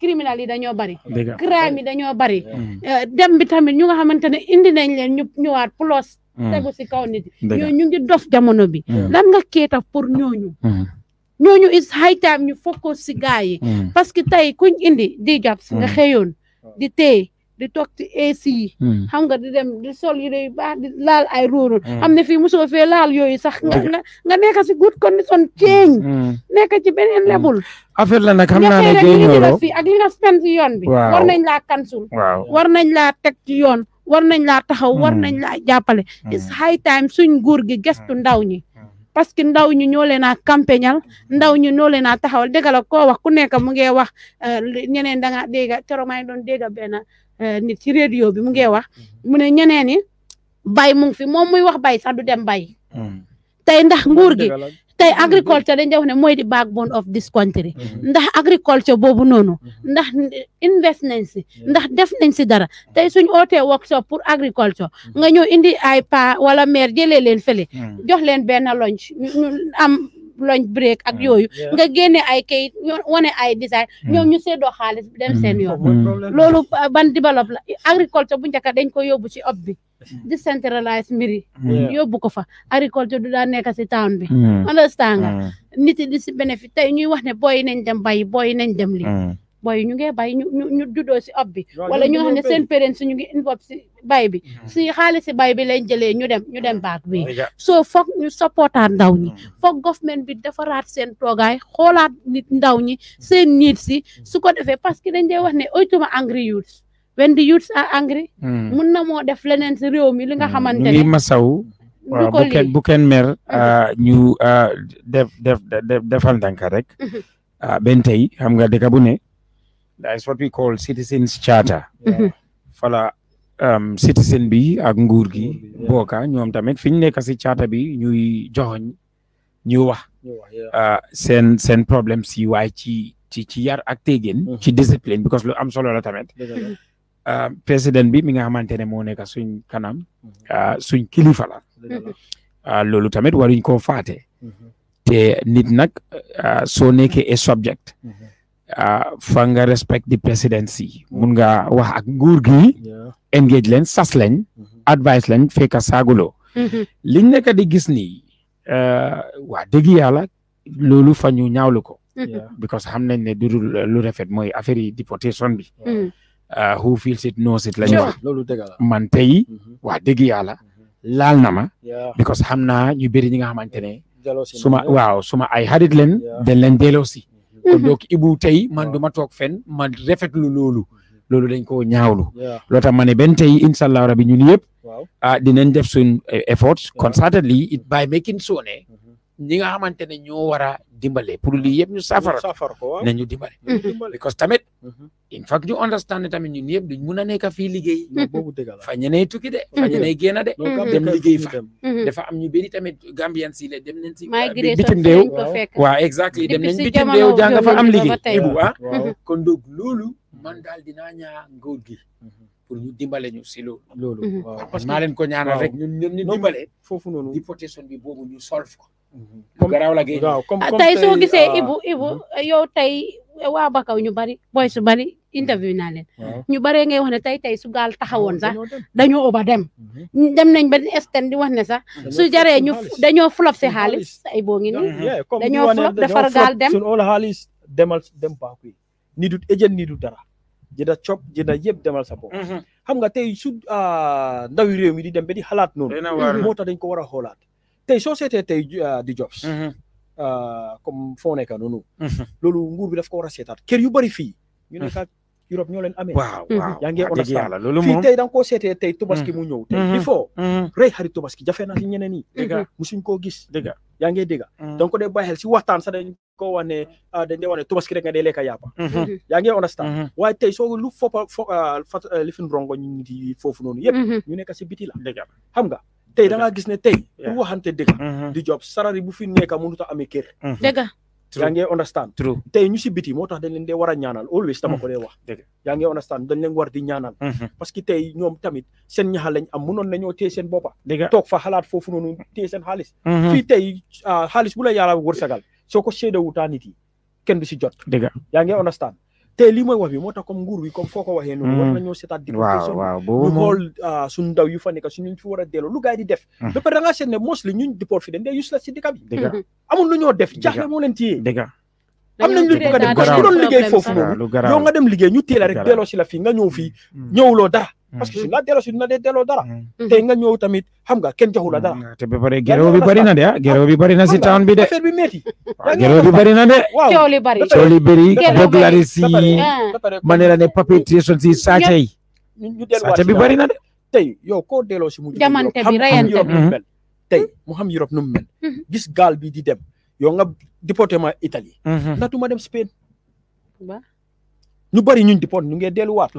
criminal yi dañoo bari crime yi dañoo bari mm-hmm. eh, dem bi tamit ñu nga xamante ne indi nañ leen ñu ñëwaat plus mm-hmm. tegu si kaw nit ñoo ñu ngi dos jamono bi lan nga keeta pour ñooñu ñooñu is high time ñu focus si gaa yi parce que tey kuñ indi di jobs nga xëyoon di téye di toog ci AC hmm. xam nga di dem di sol yi day baax laal ay róorul hmm. xam ne fii mosoo fee laal yooyu sax nga nga nekk si good condition change hmm. nekk ci beneen lebul affaire la na xam naa ne jëy ñoro fii ak li nga spend yoon bi war nañ laa kansul war nañ laa teg ci yoon war nañ laa taxaw war nañ laa jàppale it's high suñ guur gi gestu ndaw ñi parce que ndaw ñi ñoo leen a campagnal ndaw ñi ñoo leen a taxawal dégg ko wax ku nekk mu ngi wax euh, ñeneen da nga dégg coro maa ngi doon dégg benn Eh, nit ci redio bi mu ngee wax mm-hmm. Mm-hmm. mu ne ñeneen ñi bay mu fi moom muy wax bay sax du dem bay mm-hmm. tey ndax nguur gi tey agriculture dañ wax ne mooy di backbone of this country ndax agriculture boobu noonu ndax invest nañ si ndax def nañ si dara tey suñ ootee workshop pour agriculture nga ñëw indi ay pa wala maire jëlee leen fële jox leen benn lonc am lunch break ak mm. yooyu nga génne ay kayit wane ay design mm. ñoom ñu seedoo xaalis dem mm. seen yoon loolu uh, ban développe la agriculture bu njëkk dañ ko yóbbu ci op bi décentralise mbiri yóbbu ko fa agriculture du daan nekk si town bi understand nga nit yi di si bénéfice tey ñuy wax ne booy nañ dem bayi booy nañ dem li boy ñu ngee bay ñu ñu ñu juddoo si ob bi wala ñu xam seen parents si ñu ngi involve si bay bi hmm. si xaalis si bay bi lañ jëlee ñu dem ñu dem baak wi soo foog ñu supportaat ndaw ñi hmm. foog government bi defaraat seen toogaay xoolaat nit ndaw ñi hmm. seen niit si su ko defee parce que dañ dee wax ne oytuma angry youths when the youths are angry mun na moo def leneen si réew mi li nga xamante ne masaw waaw bu kenn bu kenn mer ah, ñu ah, def def defal ndànk rek ah, benn tey xam nga dëkk bu ne that is what we call citizens charter fala um, citizen bi ak nguur gi booka ñoom tamit fi ñu nekk si charter bi ñuy joxoñ ñu wax uh, seen seen problème si waaye ci ci ci yar ak teggin mm-hmm. ci discipline because lu am solo la tamit um, président bi mi nga xamante ne moo nekk suñ kanam mm-hmm. uh, suñ kilifa la uh, loolu tamit waruñ koo faate mm-hmm. te nit nag soo nekkee e subject Ah, fa nga respect di presidency mun nga wax ak nguur gi engage leen sas leen mm-hmm. advice leen fe saaguloo mm-hmm. liñ nekk di gis nii ah, waa dëgg yàlla loolu fa ñu ñaawlu ko mm-hmm. because xam nañ ne dudul lu rafet mooy affaire yi déportation bi ah, who feels it knows it lañu wax man tey waa dëgg yàlla laal na because xam ñu bëri ñi nga suma waaw suma ay xarit leen dañ leen kon mhm. donc tey man du ma toog fen ma rafetlu loolu mhm. loolu dañ koo ñaawlu loo tax ma ne benn tey incha allah rabi ñun yëpp ah dinañ def suñ eh, effort concertedly by making sure ne mhm. ñi nga xamante ne ñoo war a dimbale pour li yëpp ñu safara na ñu mhm. dimbale because tamit mhm. in fact ñu understand ne tamit ñun yëpp duñ mun a nekk fii liggéey fa ñeneen tukki de fa mhm. ñeneen génn de dem liggéey fa dafa am ñu beni tamit Gambien si le ah, dem nañ si bitim réew waaw exactly dem nañ bitim réew jàng fa am liggéey ibu ah kon donc loolu man daal dinaa ñaa ngóor gi pour ñu dimbale ñu si loolu. loolu parce leen ko ñaanal rek ñu dimbale. foofu noonu déportation bi boobu ñu solve ko. Ah, tey soo gisee ah. Ibu Ibu yow tey eh, waa Bakaw ñu bari boy su bari interview naa leen ñu baree ngay wax ne tey tey su gaal taxawoon sax dañoo oba dem mhm. dem nañ ba esten di wax ne sax su jaree ñu dañoo flop si xaalis ay boo ngi nii dañoo flop defar gaal dem sun ola demal dem baakuy ni du agent ni du dara jënda cop jënda yëpp demal sa bopp mhm. xam nga tey su ah, ndawi réew mi di dem ba di xalaat noonu moo tax dañ ko war a xoolaat tay soo seetee tay di jobs comme foo nekk noonu mm-hmm. loolu nguur bi daf ko war a seetaat kër yu bari fii ñu nekk Europe ñoo leen amee waaw waaw yaa ngi understand fii tey da nga koo seetee tey tubaski mu ñëw tey il faut rey xarit tubaski jafe na si ñeneen yi dëgg musuñ koo gis dëgg yaa ngi dégg donc day bàyyi xel si waxtaan sa dañ ko wax ne dañ day wax ne tubaski rek nga day lekk yàppa yaa ngi understand waaye tey soo lu fo fo lifin rongo ñu nit yi foofu noonu yëpp ñu nekk si biti la dëgg xam nga tey da ngaa gis ne tey pour waxante mm-hmm. di job sarari bu fi nekka mënut a amee kër mm-hmm. dëgg yaa ngi understand tey ñu si biti moo tax dañ leen dee war a ñaanal always dama mm-hmm. ko dee wax yaa ngi understand dañ leen war di ñaanal parce que tey ñoom tamit seen ñaxa lañ am mënoon nañoo téye seen boppa toog fa xalaat foofu noonu téye seen xaalis fii tey ah, xaalis bu la yàlla wërsagal soo ko seede wutaa nit yi kenn du si jot yaa ngi understand te lii mooy wax bi moo tax comme nguur wi comme foo ko waxee noonu war mm. nañoo seetaat déportation ñu xool ah, suñu ndaw yu fa nekk suñu fi war a delloo lu gars yi di def mm. ba pare da ngaa seet ne mostly ñuñ déport fi dañ dee useless si dëkk bi amul lu ñoo def jaaxle moo leen téye am nañ lu bëgg a def parce que ku doon liggéey foofu noonu yow nga dem liggéey ñu téela rek delloo si la fii nga ñëw fii mm. ñëwuloo dara parce que la délo sunna de délo dara té nga ñëw tamit xam nga kenn joxu la dara té bi bari gero bi bari na dé gero bi bari na ci town bi dé affaire bi metti ah, gero bi bari na dé coow li bari coow li bari la si manera ne papetriation si saaca yi saaca bi bari na dé tey yo ko délo ci mu jamanté bi rayanté bi tey mu xam Europe num mel gis gal bi di dem yo nga déporté ma Italie hmm, hmm. natuma dem Spain ñu bari ñuñ dipoon ñu ngee delluwaat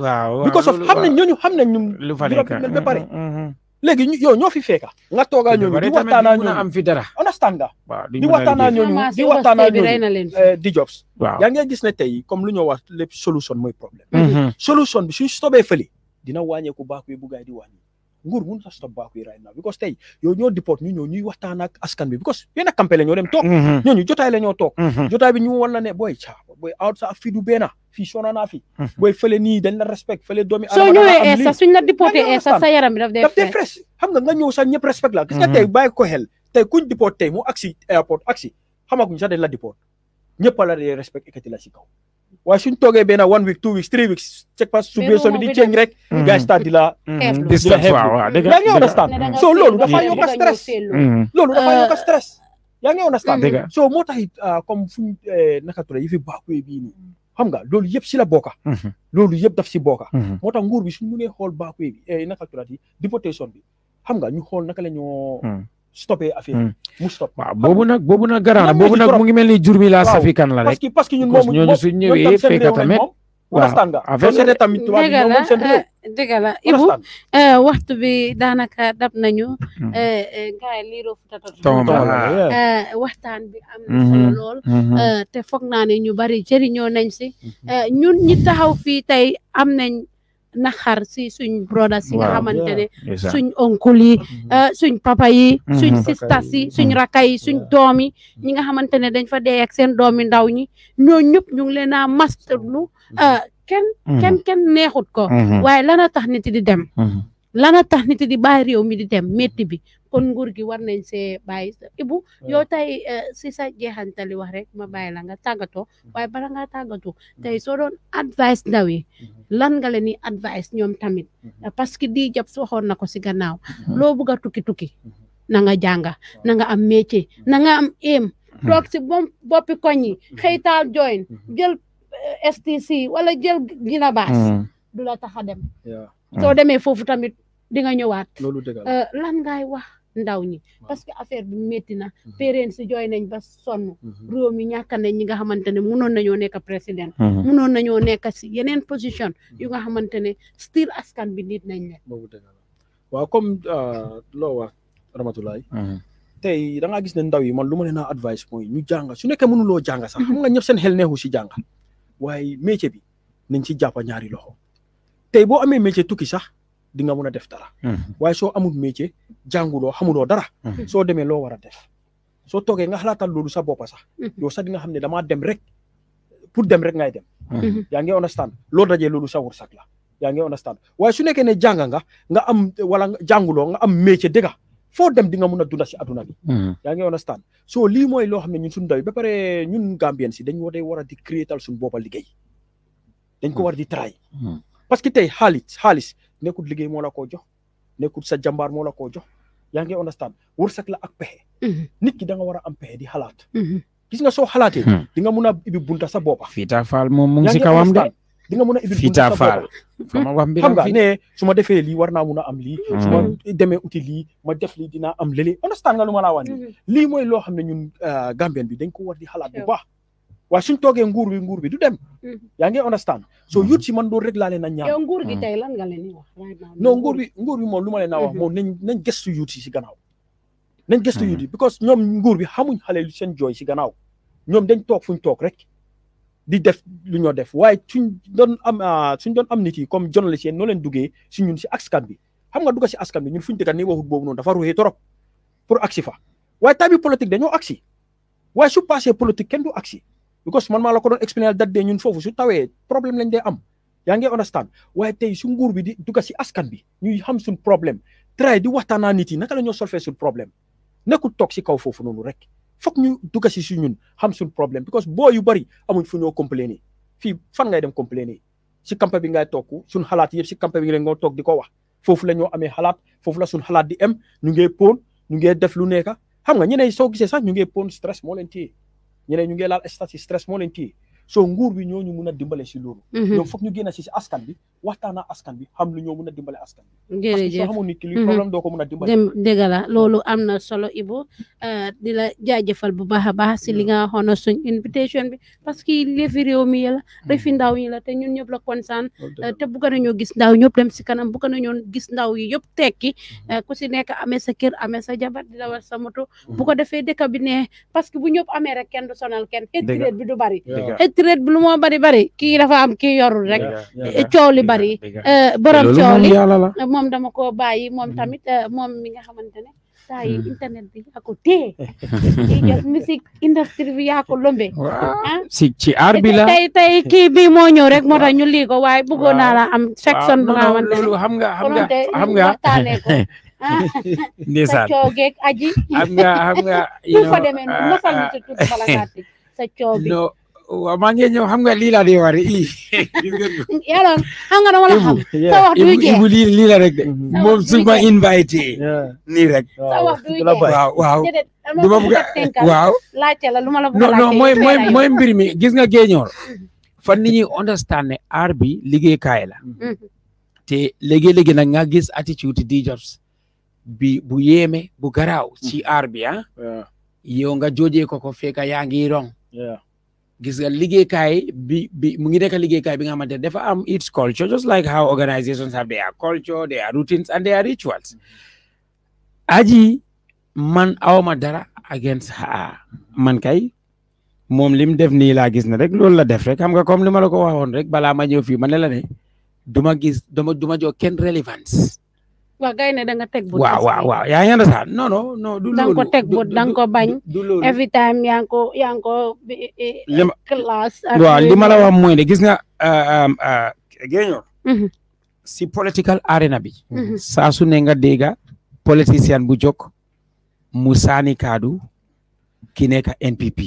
bi ko sof xam nañ ñooñu xam nañ ñum mel ba mm-hmm, pare mm-hmm. léegi ñu yow ñoo fi feeka nga toogaa ñooñu di waxtaanaa ñooñu am fi dara understand nga di waxtaanaa ñooñu di waxtaanaa ñooñu eh, di jobs yaa ngeen gis ne tey comme lu ñoo wax lépp solution mooy problème mm-hmm. solution bi suñ sobee fële dina wàññeeku baax bi bu gaay di wàññi nguur mun sa stop Bakuyeh right now because tey yow ñoo deport ñu ñëw ñuy waxtaan ak askan bi because mm-hmm. jotaay la ñoo toog mm-hmm. jotaay bi ñu wan la ne booy caa booy out sa fii du benn fii sona naa fi mm-hmm. booy fële nii dañ la respect fële doomi soo ñëwee sa suñ la déporté sa sa fresh xam nga nga ñëw respect la gis nga tey bàyyi ko xel tey kuñ deport tey mu aksi airport aksi xamaguñ sax dañ la deport ñëpp la dee respect ekati la si kaw waaye suñ toogee benn one week two weeks three weeks check pass su beesoo bi di change rek mm-hmm. gars start di la mm-hmm. di la xeeb yaa ngi understand so mm-hmm. loolu dafa yokk euh, stress yaa ngi understand so moo tax it euh, comme fuñ euh, naka tudd yi fi baakuwee bii nii xam nga loolu yëpp si la bokka loolu yëpp daf si bokka moo tax nguur bi suñ mënee xool baakuwee bi eh, naka tudd yi déportation bi xam nga ñu xool naka la ñoo mm. stoppé affaire hmm. mu stop waaw bobu nak bobu nak, garaan bobu nak mu ngi melni ni jur mi laa safi kan la rek parce que parce que ñun momu ñooñu su ñëwé fekk tamit euh, Ibu euh, waxtu bi danaka dab nañu hmm. euh, gars yi liiroo futata waxtaan bi am na solo hmm. lool te foog naa ne ñu bari jëriñoo nañ si ñun ñi taxaw fii tey am nañ naxar si suñ broda si nga xamante ne suñ onkul yi mm-hmm. eh, suñ papa yi mm-hmm. suñ sistas si suñ raka yi suñ mm-hmm. doom yi ñi nga xamante ne dañ fa dee ak seen doomi ndaw ñi ñoo ñëpp ñu ngi leen a masterlu eh, kenn kenn kenn neexut ko waaye lana tax nit di dem lana tax nit di bay rew mi di dem metti bi kon nguur gi war nañ ci bay ibu yota tay ci sa jehantali wax rek ma langga la nga tàggatoo hmm. waaye bala nga tagato hmm. tay so don advice dawi hmm. lan nga leni advice ñom tamit parce que di jab waxoon na ko si gannaaw lo bugg Nanga tukki tukki na nga na nga am métier na nga am aim tok ci bom bopi koñi yi join jël STC eh, wala jël gina dula du la Ah. soo demee foofu tamit di nga ñëwaat. loolu dëgg la euh, lan ngay wax ndaw ñi. parce que affaire bi métti na. Mhm. parents si jooy nañ ba sonn. Mhm. réew mi ñàkk nañ ñi nga xamante ne munoon nañoo nekk président. Mhm. munoon nañoo nekk si yeneen position yu nga xamante ne still askan bi niit nañ leen. waaw comme euh, loo wax Ramatulaay. tey da ngaa gis ne ndaw yi man lu ma leen a advice mooy ñu jànga su nekkee mënuloo jànga sax. mu nga ñëpp seen xel neexu si jànga waaye métier bi nañ ci jàpp ñaari loxo. Tebu bo amé métier tukki sax di nga mëna def dara. Hmm. waaye so amul métier jangulo xamulo dara. Hmm. So démé lo wara def. so toogee nga xalatal lolu sa boppa sax. Hmm. yow sax di nga xamné dama dem rek pour dem rek ngay dem. ya nga understand lo dajé lolu sa wursak la. ya nga understand waaye su nekké ne jang nga nga am wala jangulo nga am métier déga fo dem di nga mëna dund ci aduna bi. ya nga understand so limo moy lo xamné ñun suñu doy ba pare ñun Gambien si dañ war di créer suñu boppa liggéey. dañ ko war di try parce que tay halit halis nekut liggéey mo la ko jox nekut sa jambar mo la ko jox ya nga understand wursak la ak pexe. Mhm. nit ki da nga wara am pexe di halat, mhm. gis nga so xalaatee. Hmm. di nga mun ibi bunta sa bopa Fita fal moom mu ngi kawam de. di nga mun ibi bunta sa boppa. xam nga ne su ma defee lii war naa mun a am li suma hmm. démé outi li ma def li dina am lélé understand nga luma la wani hmm. li moy lo xamné ñun euh, Gambien bi dañ ko war di halat bu baax wa suñ toogee nguur bi nguur bi du dem mm. yaa understand so mm-hmm. youth si man do rek la len a ñaan yow nguur gi mm. tey lan nga leen wax non nguur bi nguur bi moom luma len wax mm-hmm. nañ nañ youth si gannaaw nañ gestu youth mm-hmm. because ñom nguur bi xamuñ xalé lu seen joy si gannaaw ñom dañ tok fuñ tok rek di def lu ñoo def waye suñ don am ah, suñ don am nit yi comme journaliste yi noo leen duggee si ñun ci askan bi xam nga dugga si askan bi ñun fuñ dëkkat ni waxut bobu non dafa ruhé torop pour aksi fa waye tabi politique dañu aksi? waye su passé politique kenn du aksi because man maa la ko doon expliqué date de ñun foofu su tawee problème lañ dee am yaa ngi understand waaye tey su nguur bi di dugga si askan bi ñuy xam suñ problème tray di waxtaan waxtaanaa nit yi naka la ñoo solfee suñ problème nekkul toog si kaw foofu noonu rek foog ñu dugga si su ñun xam suñ problème because boo yu bari amuñ fu ñoo complainer fii fan ngay dem complainer si kampa bi ngay toog suñ xalaat yëpp si kampa bi rek ngoo toog di ko wax foofu la ñoo amee xalaat foofu la suñ xalaat di am ñu ngee poon ñu ngee def lu nekka xam nga ñeneen soo gisee sax ñu ngee poon stress moo leen téye ñu ne ñu ngi laal stats stress moo so nguur bi ñooñu mun a dimbale si loolu ñoom mhm. foog ñu génn si si askan bi waxtaana askan bi xam lu ñoo mun a askan bi mhm. la loolu am euh, di la jaajëfal bu baax a baax si li nga xono suñ invitation bi parce que léefi réew mi la refi mhm. ndaw ñi la te ñun ñëpp la concerne euh, te bugg nañoo gis ndaw ñëpp dem si kanam bugg nañoo gis ndaw yi yëpp tekki euh, ku si nekk amee sa kër amee sa jabar di dawal sa moto bu ko defee dëkk bi neex parce que bu ñëpp amee rek kenn du sonal kenn crête lu moo bari bari ki dafa am ki yorul iya, rek iya, eh, iya. coow bari euh borom coow eh, mom dama ko bayyi mom hmm. tamit mom mi nga xamantene tay internet bi yaa ko téye di jël musique industrie bi ya ko lombé ah? si ci ar bi la tay tay ki bi mo ñew rek mo tax ñu li ko way bëggoon naa la am section bu nga xamantene ne xam nga xam nga xam nga sa cioge aji xam nga xam nga ñu fa ci bala waaw maa ngi ñëw xam nga lii laa di war i yàlla xam la xam sa ibu lii rek de moom su ma invité rek waaw waaw du ma bëgg waaw laajte la lu ma la bëgg non non mooy mooy mooy mbir mi gis nga géeñoor fan ni ñuy understand ne aar bi liggéeykaay la mm-hmm. te léegi-léegi nag nga gis attitude di jobs bi bu yéeme bu garaaw ci aar mm. bi ah yow nga joojee yaa ngi gis nga liggéeykaay bi bi mu ngi nekk liggéeykaay bi nga xamante ne dafa am its culture just like how organizations have their culture their routines and their rituals aji man awma dara against her man kay moom lim def nii laa gis ne rek loolu la def rek xam nga comme li ma la ko waxoon rek balaa ma ñëw fii ma ne la ne duma gis duma duma jox relevance waaw gay ne da nga teg bët. waaw waaw waaw yaa ngi understand non non non. du loolu bañ. every time yaa ngi ko yaa ngi eh, eh, eh, classe. waaw li ma la wax mooy ne gis nga. Euh, euh, euh, géeñoo. Mm-hmm. si political arena bi. Mm-hmm. saa su ne politicien bu jóg kaadu. ki nekk NPP.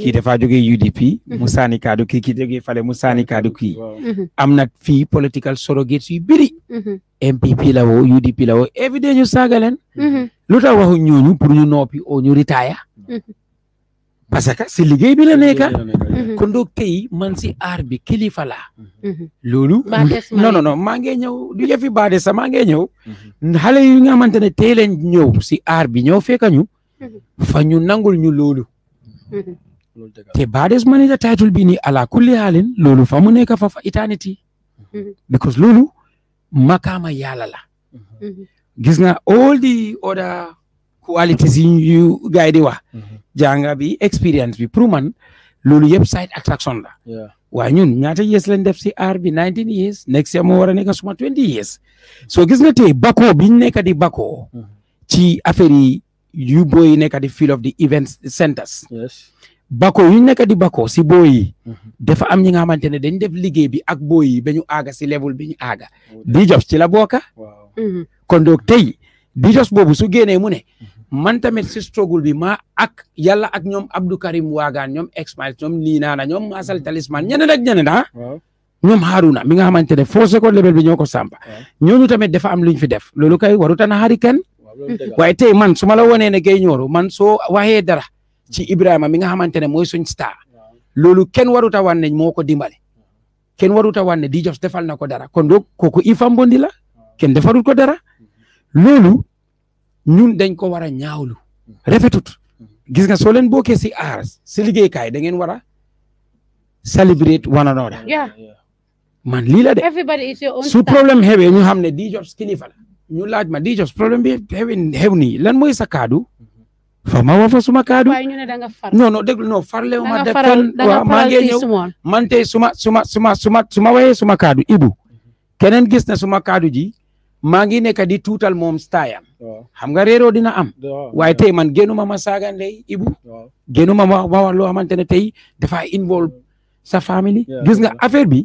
kii dafa jógee UDP. mu mhm. saani kaddu kii ki jógee fale mu saani kaddu kii. Mhm. am na fii political surrogates yu bëri. Mhm. NPP la woo UDP la woo every day ñu saaga leen. lu tax waxu ñooñu pour ñu noppi oo ñu retire. parce que si liggéey bi la nekk. kon donc man si aar bi kilifa la. Mm-hmm. loolu. non non non maa ngi ñëw du yëfi baade sax maa ngi ñëw. Mm-hmm. xale yu nga xamante ne tey ñëw si aar bi ñëw fekk Mm-hmm. fa ñu nangul ñu loolu mm-hmm. te baades manager title bi ni ala kulli halin loolu fa mu nekk fa fa eternity mm-hmm. because loolu makaama yàlla la gis nga all the other qualities yi yu gaay di wax bi experience bi pour man loolu yëpp side attraction la waaye ñun ñaata years lañ def si aar bi years next year moo war a suma years so gis nga tey bakoo biñ nekk di ci affaire yu booy yi nekk di field of the event centers bako yu nekk di bako si booy yi mm-hmm. dafa am ñi nga xamante ne dañ def liggéey bi ak booy yi ba ñu aaga si level bi ñu aaga di jos ci la booka mm-hmm. kon donc tey di boobu su génnee mu ne mm-hmm. man tamit si struggle bi ma ak yalla ak ñoom Abdou Karim Waagaan ñoom Exmail ñoom Niinaana ñoom Masal Talisman ak ñeneen ah ñoom Haruna mi nga xamante ne foo second level bi ñoo ko sàmpa ñooñu tamit dafa am luñ fi def loolu kay waruta na xari kenn Mm-hmm. waaye tey man su ma la wonee ne Guèye ñooru man soo waxee dara ci Ibrahima mi nga xamante ne mooy suñ star loolu kenn warut a wan ne moo ko dimbale kenn warut a wan ne di jos defal na ko dara kon dog kooku Ifa Mbondi la kenn defarut ko dara mm-hmm. loolu ñun dañ ko war a ñaawlu mm-hmm. rafetut gis nga soo leen bokkee si aar si liggéeykaay da ngeen war a celebrate one another man lii la de su problème xewee ñu xam ne di jos kilifa ñu laaj ma di jos problème bi xew nii lan mooy sa kaadu. fa ma wax suma kaadu. waaye ñu ne da nga far. non non déglu non ma. da nga faral da nga faral tey suma suma suma suma suma suma waye suma kaadu Ibu. keneen gis na suma kaadu ji. maa ngi nekk di tuutal moom staayam. xam nga réeroo dina am. waaye tey man génnuma ma saaga ndey Ibu. génnuma ma ma wax loo xamante ne tey dafa involve sa famille. gis nga affaire bi.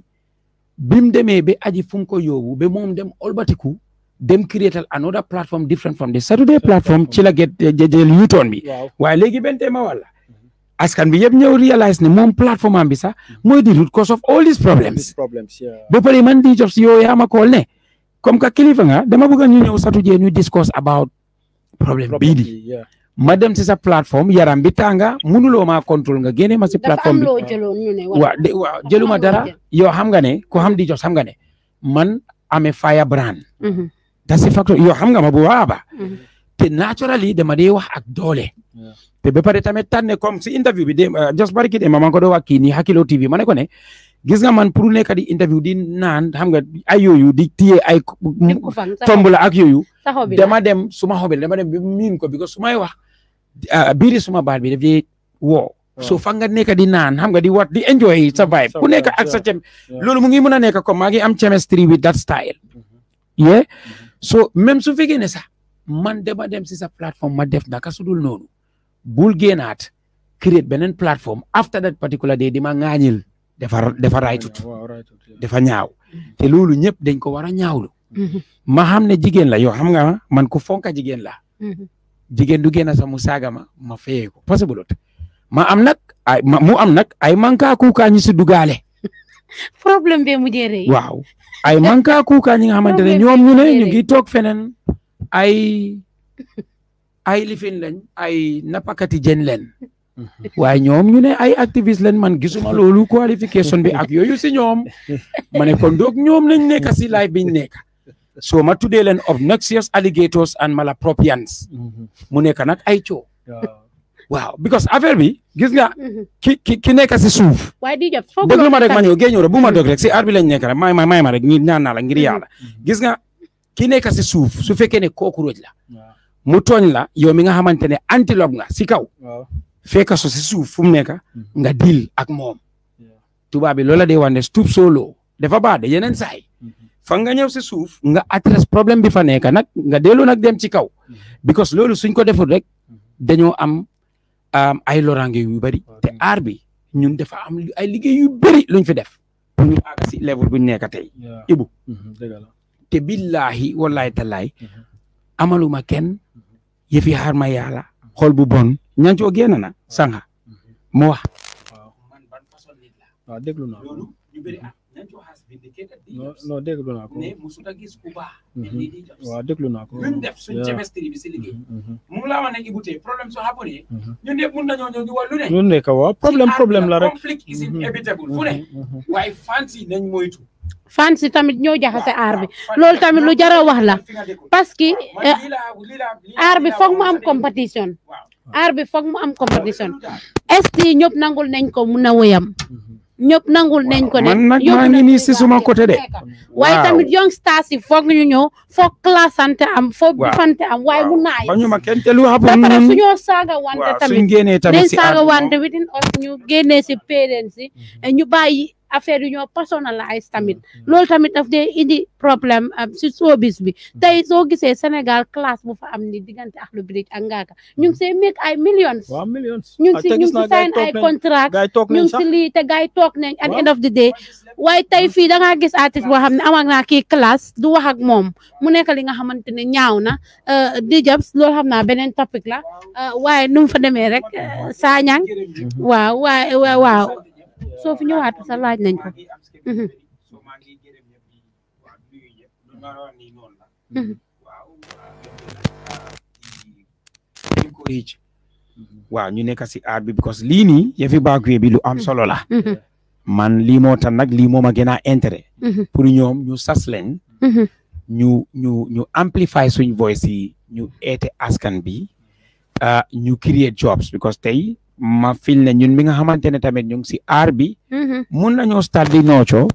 bim demee ba aji fum ko yóbbu ba moom dem olbatiku. dem creatal another platform different from the Saturday platform ci la get eh, jël bi waaye léegi bentee ma walla mhm. askan bi yëpp ñëw réalise ne moom plateforme am bi sax mhm. mooy di root cause of all these problems ba pare man di jox si yow ma kool ne comme que kilifa nga dama bëgg ñu ñëw Saturday ñu discuss about problème bii di ma dem si sa plateforme yaram bi tànga mënuloo maa contrôle nga génne ma si plateforme bi waaw waaw jëluma dara yow xam nga ne ku xam di jox xam nga ne man amee fire that's a factor yoo xam nga ma bu baax ba mm-hmm. te naturally dama dee wax ak doole te ba pare tamit tànne comme si interview bi de uh, just bari ki de man ko doon wax kii nii Hakilo TV ma ne ko ne gis nga man pour nekk di interview di naan xam nga ay yooyu di tiye ay tombla ak yooyu dama dem suma xobi dama dem bi miin ko because sumay wax uh, biiri suma baal bi daf dee woo so fa nga nekk di naan xam nga di wat di enjoy sa mm-hmm. vibe ku nekk ak sa cem loolu mu ngi mën a nekk comme maa ngi am chemistry with that style mm-hmm. yeah so même su fekkee ne sax man dama dem si sa plateforme ma def naka su dul noonu bul génnaat create beneen plateform after that particular de di ma ŋaañil dafa dafa raytut dafa ñaaw te loolu ñëpp dañ ko war a ñaawlu mm-hmm. ma xam ne jigéen la yow xam nga man ku fonka jigéen la mm-hmm. jigéen du génn sax mu saaga ma ma fayee ko possible ma am nag ay mu am nag ay manka ku kaa ñu si dugaale problème bee mujjee ay manka kuuka ñi nga xamante ne ñoom ñu ne ñu ngi toog feneen ay ay lifin lañ ay nappakati jen leen waaye ñoom ñu ne ay activiste lañ man gisuma loolu qualification bi ak yooyu si ñoom ma kon donc ñoom lañ nekk si live biñ nekk soo ma tuddee leen obnoxious alligators and mala mm-hmm. mu nekk nag ay coo waaw because affaire bi gis nga. Mm-hmm. ki ki ki nekk si suuf. waaye di jot foog déglu ma rek ma ñëw géej ñëw rek bu ma dog rek si nekk rek may ma may ma rek ñu ñaan naa la ngir mm-hmm. yàlla. gis nga ki nekk si suuf su fekkee ne cockroach la. mu tooñ la yow mi nga xamante ne antilope nga si kaw. fekk so si suuf fu mu nekk mm-hmm. nga dil ak moom. tubaab bi loola day wane stoop so low dafa baax yeneen saa yi. fa nga ñëw si suuf nga adresse problème bi fa nekk nag nga delloo nag dem ci kaw. because loolu suñ ko deful rek dañoo am. am ay lorange yu bari te ar bi ñun dafa am ay liggéey yu bari luñ fi def pour ñu ag ci level bu ñu tay tey ibu mm-hmm, te billaahi wallaahi tallaay mm-hmm. amaluma kenn mm-hmm. yefi har ma yàlla xol bu bon ñan ci o génn na sanga mo wax man ban façon nit la wa deglu na loolu ñu bari ñan ci wax vindicated leaders. No, no, déglu naa ko. ne musuta gis ku baax. Mhm. indi leaders. waaw déglu naa ko. luñ def suñ chemistry bi si liggéey. Mhm, mhm. mu laa wane Ibu tey problème su happenee. ñun ñëpp mun nañoo ñëw di wax lu ne. lu ne ka waaw problème problème la rek. conflict is inevitable fu ne. waaye fancy nañ moytu. fansi tamit ñoo jaxase aar bi loolu tamit lu jara wax la parce que aar bi foog mu am compétition aar bi foog mu am compétition est ñëpp nangul nañ ko mun a wéyam ñëpp nangul nañ ko ne nag maa ngi nii si suma côté de waaye tamit young stars yi foog ñu ñëw foog classante am foog bifante am waaye mu naay bañu ma kenn te lu xapul ba pare suñoo saaga wante tamit suñ génnee tamit si saaga wante within us ñu génnee si parents yi mm-hmm. ñu bàyyi affaire yu ñoo personnalisé tamit mm, mm. loolu tamit daf dee indi problème euh, si showbiz bi mm. tey soo gisee senegal classe bu fa am ni diggante Akhlou Brick ak Ngaaka ñu ngi see make ay millions ñu ngi ah, si ñu ngi si sign ay contract ñu ngi te gars yi toog nañ at end of the day waaye tey fii da gis artiste boo xam ne am naa kii classe du wax ak moom mu nekk li nga xamante ne ñaaw na euh, di jabs loolu xam naa beneen topic la euh, waaye nu mu fa demee rek saañang mm-hmm. waaw waaw waaw soo fi ñëwaat sa laaj nañ ko mhm. Mhm. waaw ñu nekk si aar bi because lii nii yëfi baakuye bi lu am solo la mhm. man lii moo tax nag lii moo ma gën a intérêt pour ñoom ñu sas leen ñu ñu ñu amplify suñ voice yi ñu eete askan bi ah, ñu create jobs because tey ma fil ñun mi nga xamante ne tamit ñu ngi si aar bi. Mm-hmm. mun nañoo start di noocoo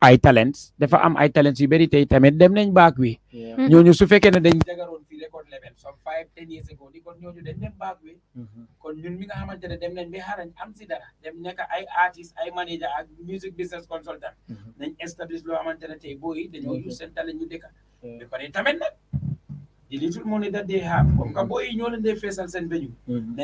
ay talents dafa am ay talents yu bëri tey tamit dem nañ baak wi. Mm-hmm. ñooñu su fekkee ne dañ jagaroon fii record level some five ten years ago di kon ñooñu baak wi. Mm-hmm. ñun mi nga xamante ne dem nañ ba xarañ am si dara dem ay artist ay manager ak music business consultant. nañ establish loo xamante ne tey booy dañoo use seen ñu dëkk. the little money that ñoo leen seen beñu mm-hmm.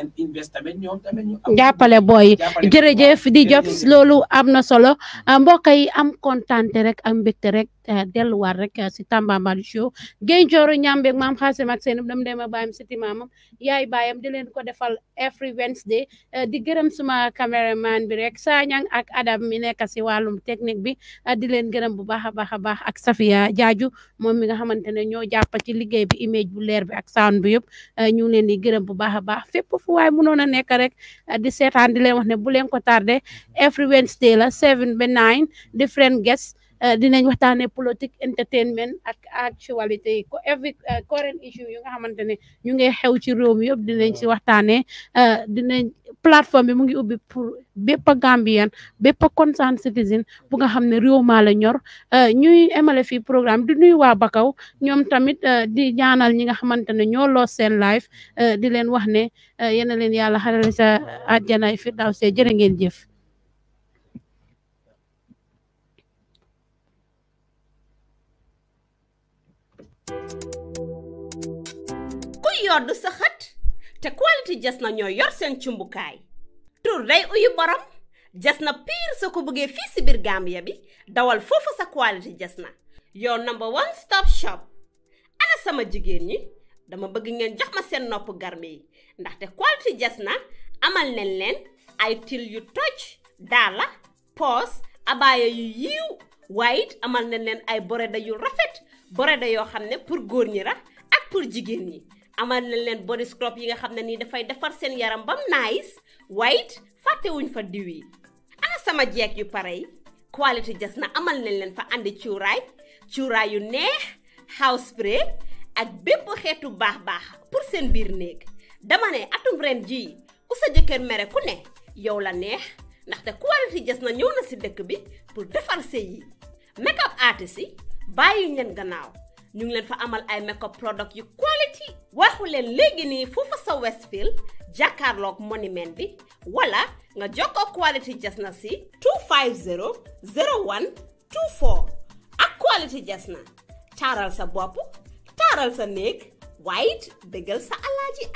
tamit ñoom tamit ñu jàppale booy jërëjëf di jobs loolu am na solo mbokk yi am kontaan rek am mbégte rek delluwaat rek si Tambambalu show Genjoru ñambe mam Xaasim ak seen dem dem baayam ci maamam yaay baayam di leen ko defal every Wednesday eh, di gërem suma cameraman bi rek Sañang ak Adam mi nekk ci walum technique bi eh, di leen gërem bu baaxa baaxa baax ak Safia Jaaju mom mi nga xamantene ño japp ci liggey bi image bu leer bi ak sound bi yëpp eh, ñu ngi leen di gërem bu baaxa baax fepp fu way mënoon na nekk rek di sétane di leen wax ne bu leen ko tardé every Wednesday la seven by 9 different guests Eh, dinañ waxtaanee politique entertainment ak actualité yi ko every eh, current issue yu nga xamante ne ñu ngi xew ci réew mi yëpp dinañ si mm. waxtaanee eh, dinañ plateforme bi mu ngi ubbi pour bépp a Gambien bépp a concerned citizen bu nga xam ne réew maa la ñor ñuy emale fii programme di nuyu waa Bakaw ñoom tamit di ñaanal ñi nga xamante ne ñoo loos seen life di leen wax ne yéen a leen yàlla xarale sa àjjana firdawse jërë ngeen jëf. ku yodd sa xët te quality jas na ñoo yor seen cumbukaay tur day uyu borom jas na piir soo ko bëggee fii si biir Gambia bi dawal foofu sa quality jas na yow number one stop shop ana sama jigéen ñi dama bëgg ngeen jox ma seen nopp garme yi ndaxte quality jas na amal nañ leen ay til yu toj daala poos abaaya yu yiiw waaye amal nañ leen ay boreda yu rafet borode yoo xam ne pour góor ñi la ak pour jigéen ñi amal na leen body scrub yi nga xam ne nii dafay defar seen yaram bam nice white fàttewuñ fa diw yi ana sama jeeg yu pare yi quality jas na amal nañ leen fa andi cuuraay cuuraay yu neex house spray ak bépp xeetu baax baax pour seen biir néeg dama ne atum ren jii ku sa jëkkër mere ku ne yow la neex ndaxte quality jas na ñëw na si dëkk bi pour defar sëy yi make up artist yi bàyyiñ leen gannaaw ñu ngi leen fa amal ay makeup product yu quality waxu leen léegi nii foofu sa Westfield jàkkaarloog monument bi wala nga jox jokkoo quality jas na si 250 01 24 ak quality jas na taaral sa bopp taaral sa néeg waaye bégal sa alaaji